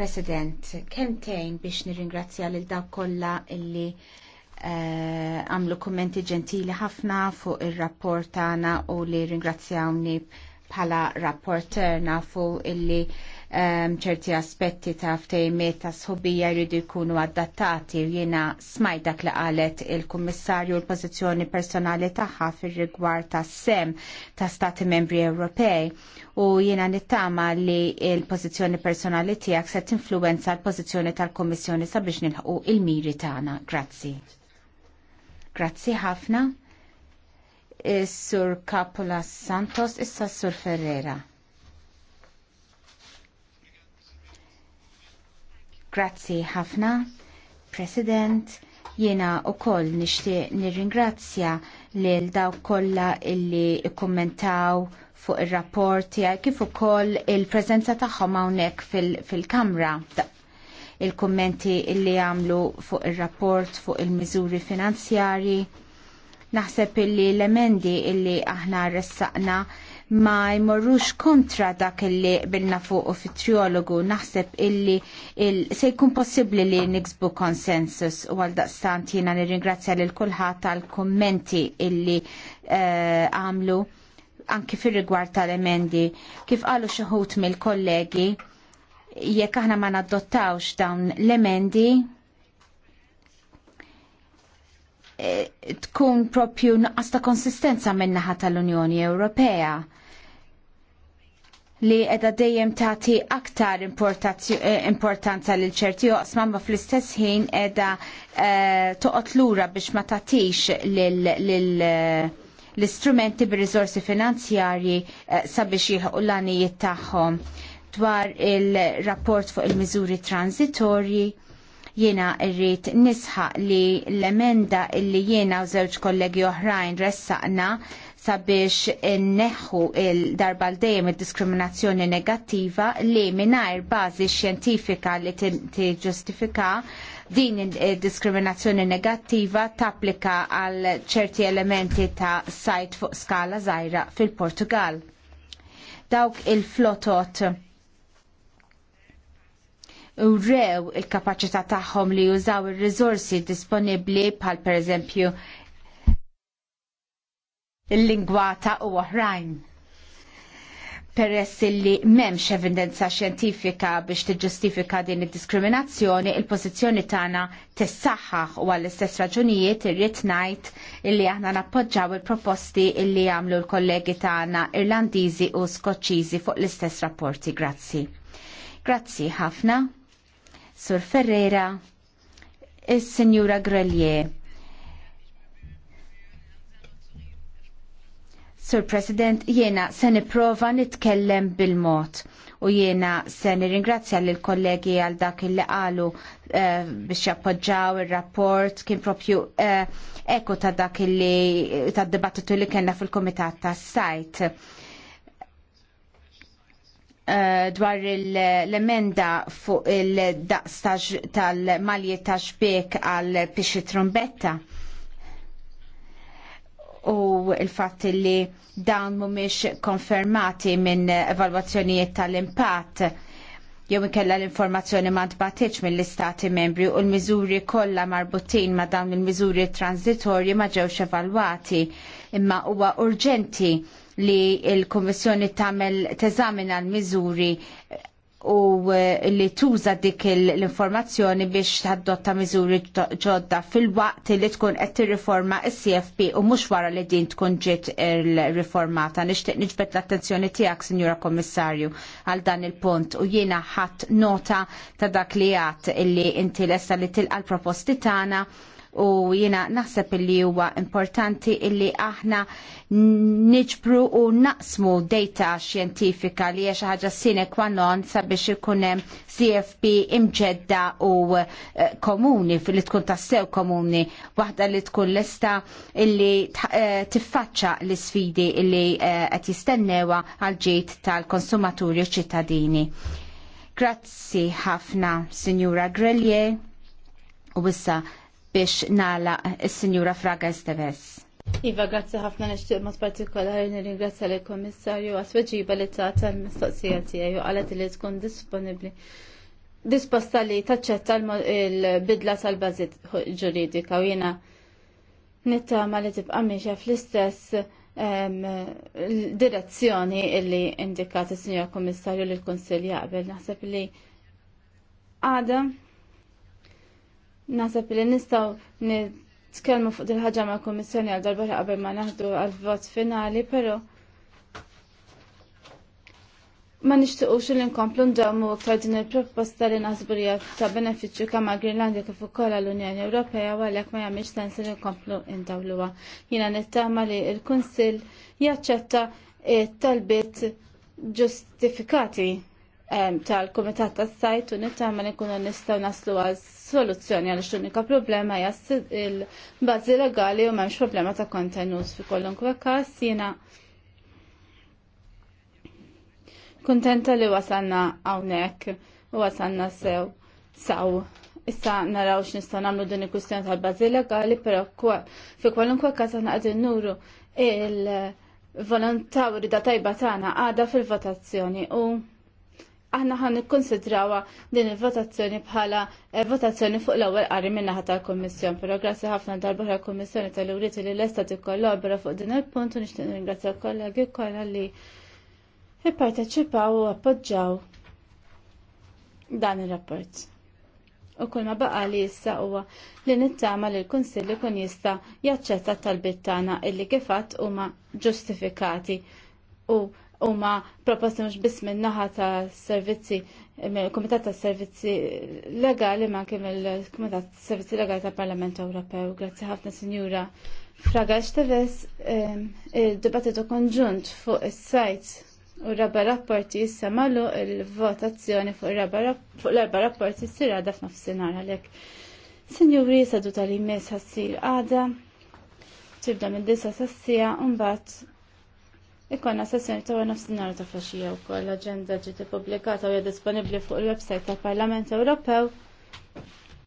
biex nirringrazzja lil dak kollha illi eh, għamlu kommenti ġentili ħafna fuq ir-rapport tagħna u li ringrazzjawni bħala rapporter nafu illi ehm, ċerti aspetti ta' ftejmiet ta' sħobija jridu jkunu adattati u jiena smaj dak li qalet il-Kummissarju l-pożizzjoni personali tagħha fir-rigward ta' sem ta' Stati Membri Ewropej u jiena nittama li l-pożizzjoni personali tiegħek se tinfluwenza l-pożizzjoni tal-Kummissjoni sabiex nilħqu il-miri tagħna. Grazzi. Grazzi ħafna. Is-Sur Capola Santos, issa Sur Ferrera. Grazzi ħafna, President, Jiena u koll nishtiq nirringrazzja lil dawk kollha illi kommentaw fuq ir rapporti kif ukoll il prezenza tagħhom hawnhekk fil-kamra. il kummenti illi għamlu fuq ir rapport fuq il-miżuri finanzjarji Naħseb illi l-emendi illi aħna ressaqna ma jmorrux kontra dak illi bilna fuq u fitriologu Naħseb illi il se jkun possibli li niksbu konsensus u għal daqstant jina nirringrazzja lil kulħadd tal-kommenti illi eh, għamlu anki fir-rigward tal-emendi. Kif qalu xi ħut mill-kollegi, jekk aħna ma nadottawx dawn l-emendi, Eh, tkun propju naqas ta' konsistenza min-naħa tal-Unjoni Ewropea li edha dejjem tagħti aktar eh, importanza lil ċerti joqsma ma fl-istess ħin edha eh, toqgħod lura biex ma tagħtix l-istrumenti bir-riżorsi finanzjarji sabiex jilħqu l-għanijiet tagħhom dwar il-rapport fuq il-miżuri transitorji Jiena rrid nisħaq li l-emenda illi jiena u żewġ kollegi oħrajn ressaqna sabiex neħu il-darba l-dejjem il-diskriminazzjoni negattiva li mingħajr bażi xjentifika li t-ġustifika din il-diskriminazzjoni negattiva tapplika għal ċerti elementi ta' sajt fuq skala żgħira fil-Portugal. Dawk il-flotot rew il-kapacità tagħhom li jużaw ir-riżorsi disponibbli bħal pereżempju il lingwa ta' u oħrajn. Peress li m'hemmx evidenza xjentifika biex tiġġustifika din id-diskriminazzjoni, il-pożizzjoni tagħna tissaħħaħ u għall-istess raġunijiet irrid ngħid illi aħna nappoġġaw il-proposti illi għamlu l-kollegi tagħna Irlandiżi u Skoċċiżi fuq l-istess rapporti. Grazzi. Grazzi ħafna. Sur Ferreira, il Signora Grelier. Sur President, jiena se nipprova nitkellem bil-mod u jiena se nirringrazzja lill kollegi għal dak il qalu eh, biex jappoġġaw ir rapport kien propju eh, eko ta' dak il-li ta' dibattitu li kellna fil kumitat tas sajt Eh, dwar l-emenda fuq il-daqs tal-malji ta' xbek għal pixi trombetta u il-fatt li dawn mhumiex konfermati minn evalwazzjonijiet tal-impatt jew ikella l-informazzjoni ma tbatitx mill-istati membri u l-miżuri kollha marbutin ma dawn il-miżuri transitorji ma ġewx evalwati imma huwa urġenti li l-Kommissjoni tagħmel teżamina l-miżuri u eh, li tuża dik l-informazzjoni biex tadotta miżuri ġodda fil-waqt li tkun qed tirriforma s-CFP u mhux wara li din tkun ġiet riformata. Nixtieq niġbed l-attenzjoni tiegħek, Sinjura Kommissarju, għal dan il-punt u jiena ħadd nota ta' dak li għat illi inti lesta li tilqa l-proposti tagħna u jiena naħseb illi huwa importanti illi aħna niġbru u naqsmu data xjentifika li hija xi ħaġa sine qua non sabiex ikun hemm CFP imġedda u eh, komuni li tkun tassew komuni waħda li tkun lesta illi eh, tiffaċċa l-isfidi illi eh, qed jistennewa għal ġejt tal-konsumaturi u ċittadini. Grazzi ħafna, Signora Grelje. U issa biex nala il-Sinjura Fraga Esteves. Iva, grazzi ħafna nishtiq mod partikolari nirringrazzja l komissarju għasweġiba li ta' tal-mistoqsija tiegħi u qalet li tkun disponibbli disposta li taċċetta l-bidla tal-bażit ġuridika u jiena nittama li tibqa' miexa fl-istess direzzjoni illi indikati s sinjor Komissarju li l-Kunsill jaqbel. Naħseb li għada Nasab li nistaw nitkellmu fuq dil-ħagġa ma' kommissjoni għal darba qabel ma' naħdu għal vot finali, pero ma nixtiqux li nkomplu ndammu aktar din il-proposta li nasburija li ta' benefiċċju kemm għal Grinlandja kif ukoll għall-Unjoni Ewropea u għalhekk ma jagħmilx sens li nkomplu ndawluha. Jiena nittama li l-Kunsill jaċċetta talbiet ġustifikati tal-Kumitat tas-Sajt u nittama li nkunu nistgħu naslu għal soluzzjoni għal l-unika problema hija il bażi legali u m'hemmx problema ta' kontenut fi kollunkwe każ jiena. Kuntenta li wasanna hawnhekk u wasanna sew saw. Issa naraw x'nistgħu nagħmlu din il-kwistjoni tal-bażi legali, però fi kwalunkwe każ aħna qegħdin nuru il-volontà u rida tajba tagħna għadha fil-votazzjoni u aħna ħan nikkonsidrawa din il-votazzjoni bħala eh, votazzjoni fuq l-ewwel qari minn naħa tal-Kummissjon, però grazzi ħafna darba kummissjoni tal-uriet li lesta tikkollabora fuq din il-punt u nixtieq l kollegi kollha li ipparteċipaw u appoġġaw dan ir-rapport. U kull ma baqa li jissa huwa li nittama li l-Kunsill ikun jista' jaċċetta tal talbit tagħna illi kif huma ġustifikati u huma proposti mhux biss min-naħa ta' servizzi il-Kumitat ta' Servizzi Legali ma' kien il-Kumitat ta' Servizzi Legali ta' Parlament Ewropew. Grazzi ħafna Sinjura Fraga Xteves, ehm, il-dibattitu konġunt fuq is-sajt u raba rapporti jissamalu il-votazzjoni fuq l-arba rapporti s-sir għada f'nafsinar għalek. Sinjuri sadu tal-immess ħassir għada, tibda minn disa sassija, un-bat Ikonna sessjoni ta' għana f'sinar ta' faxija u koll l-agenda ġiti publikata u hija disponibbli fuq il-website tal-Parlament Ewropew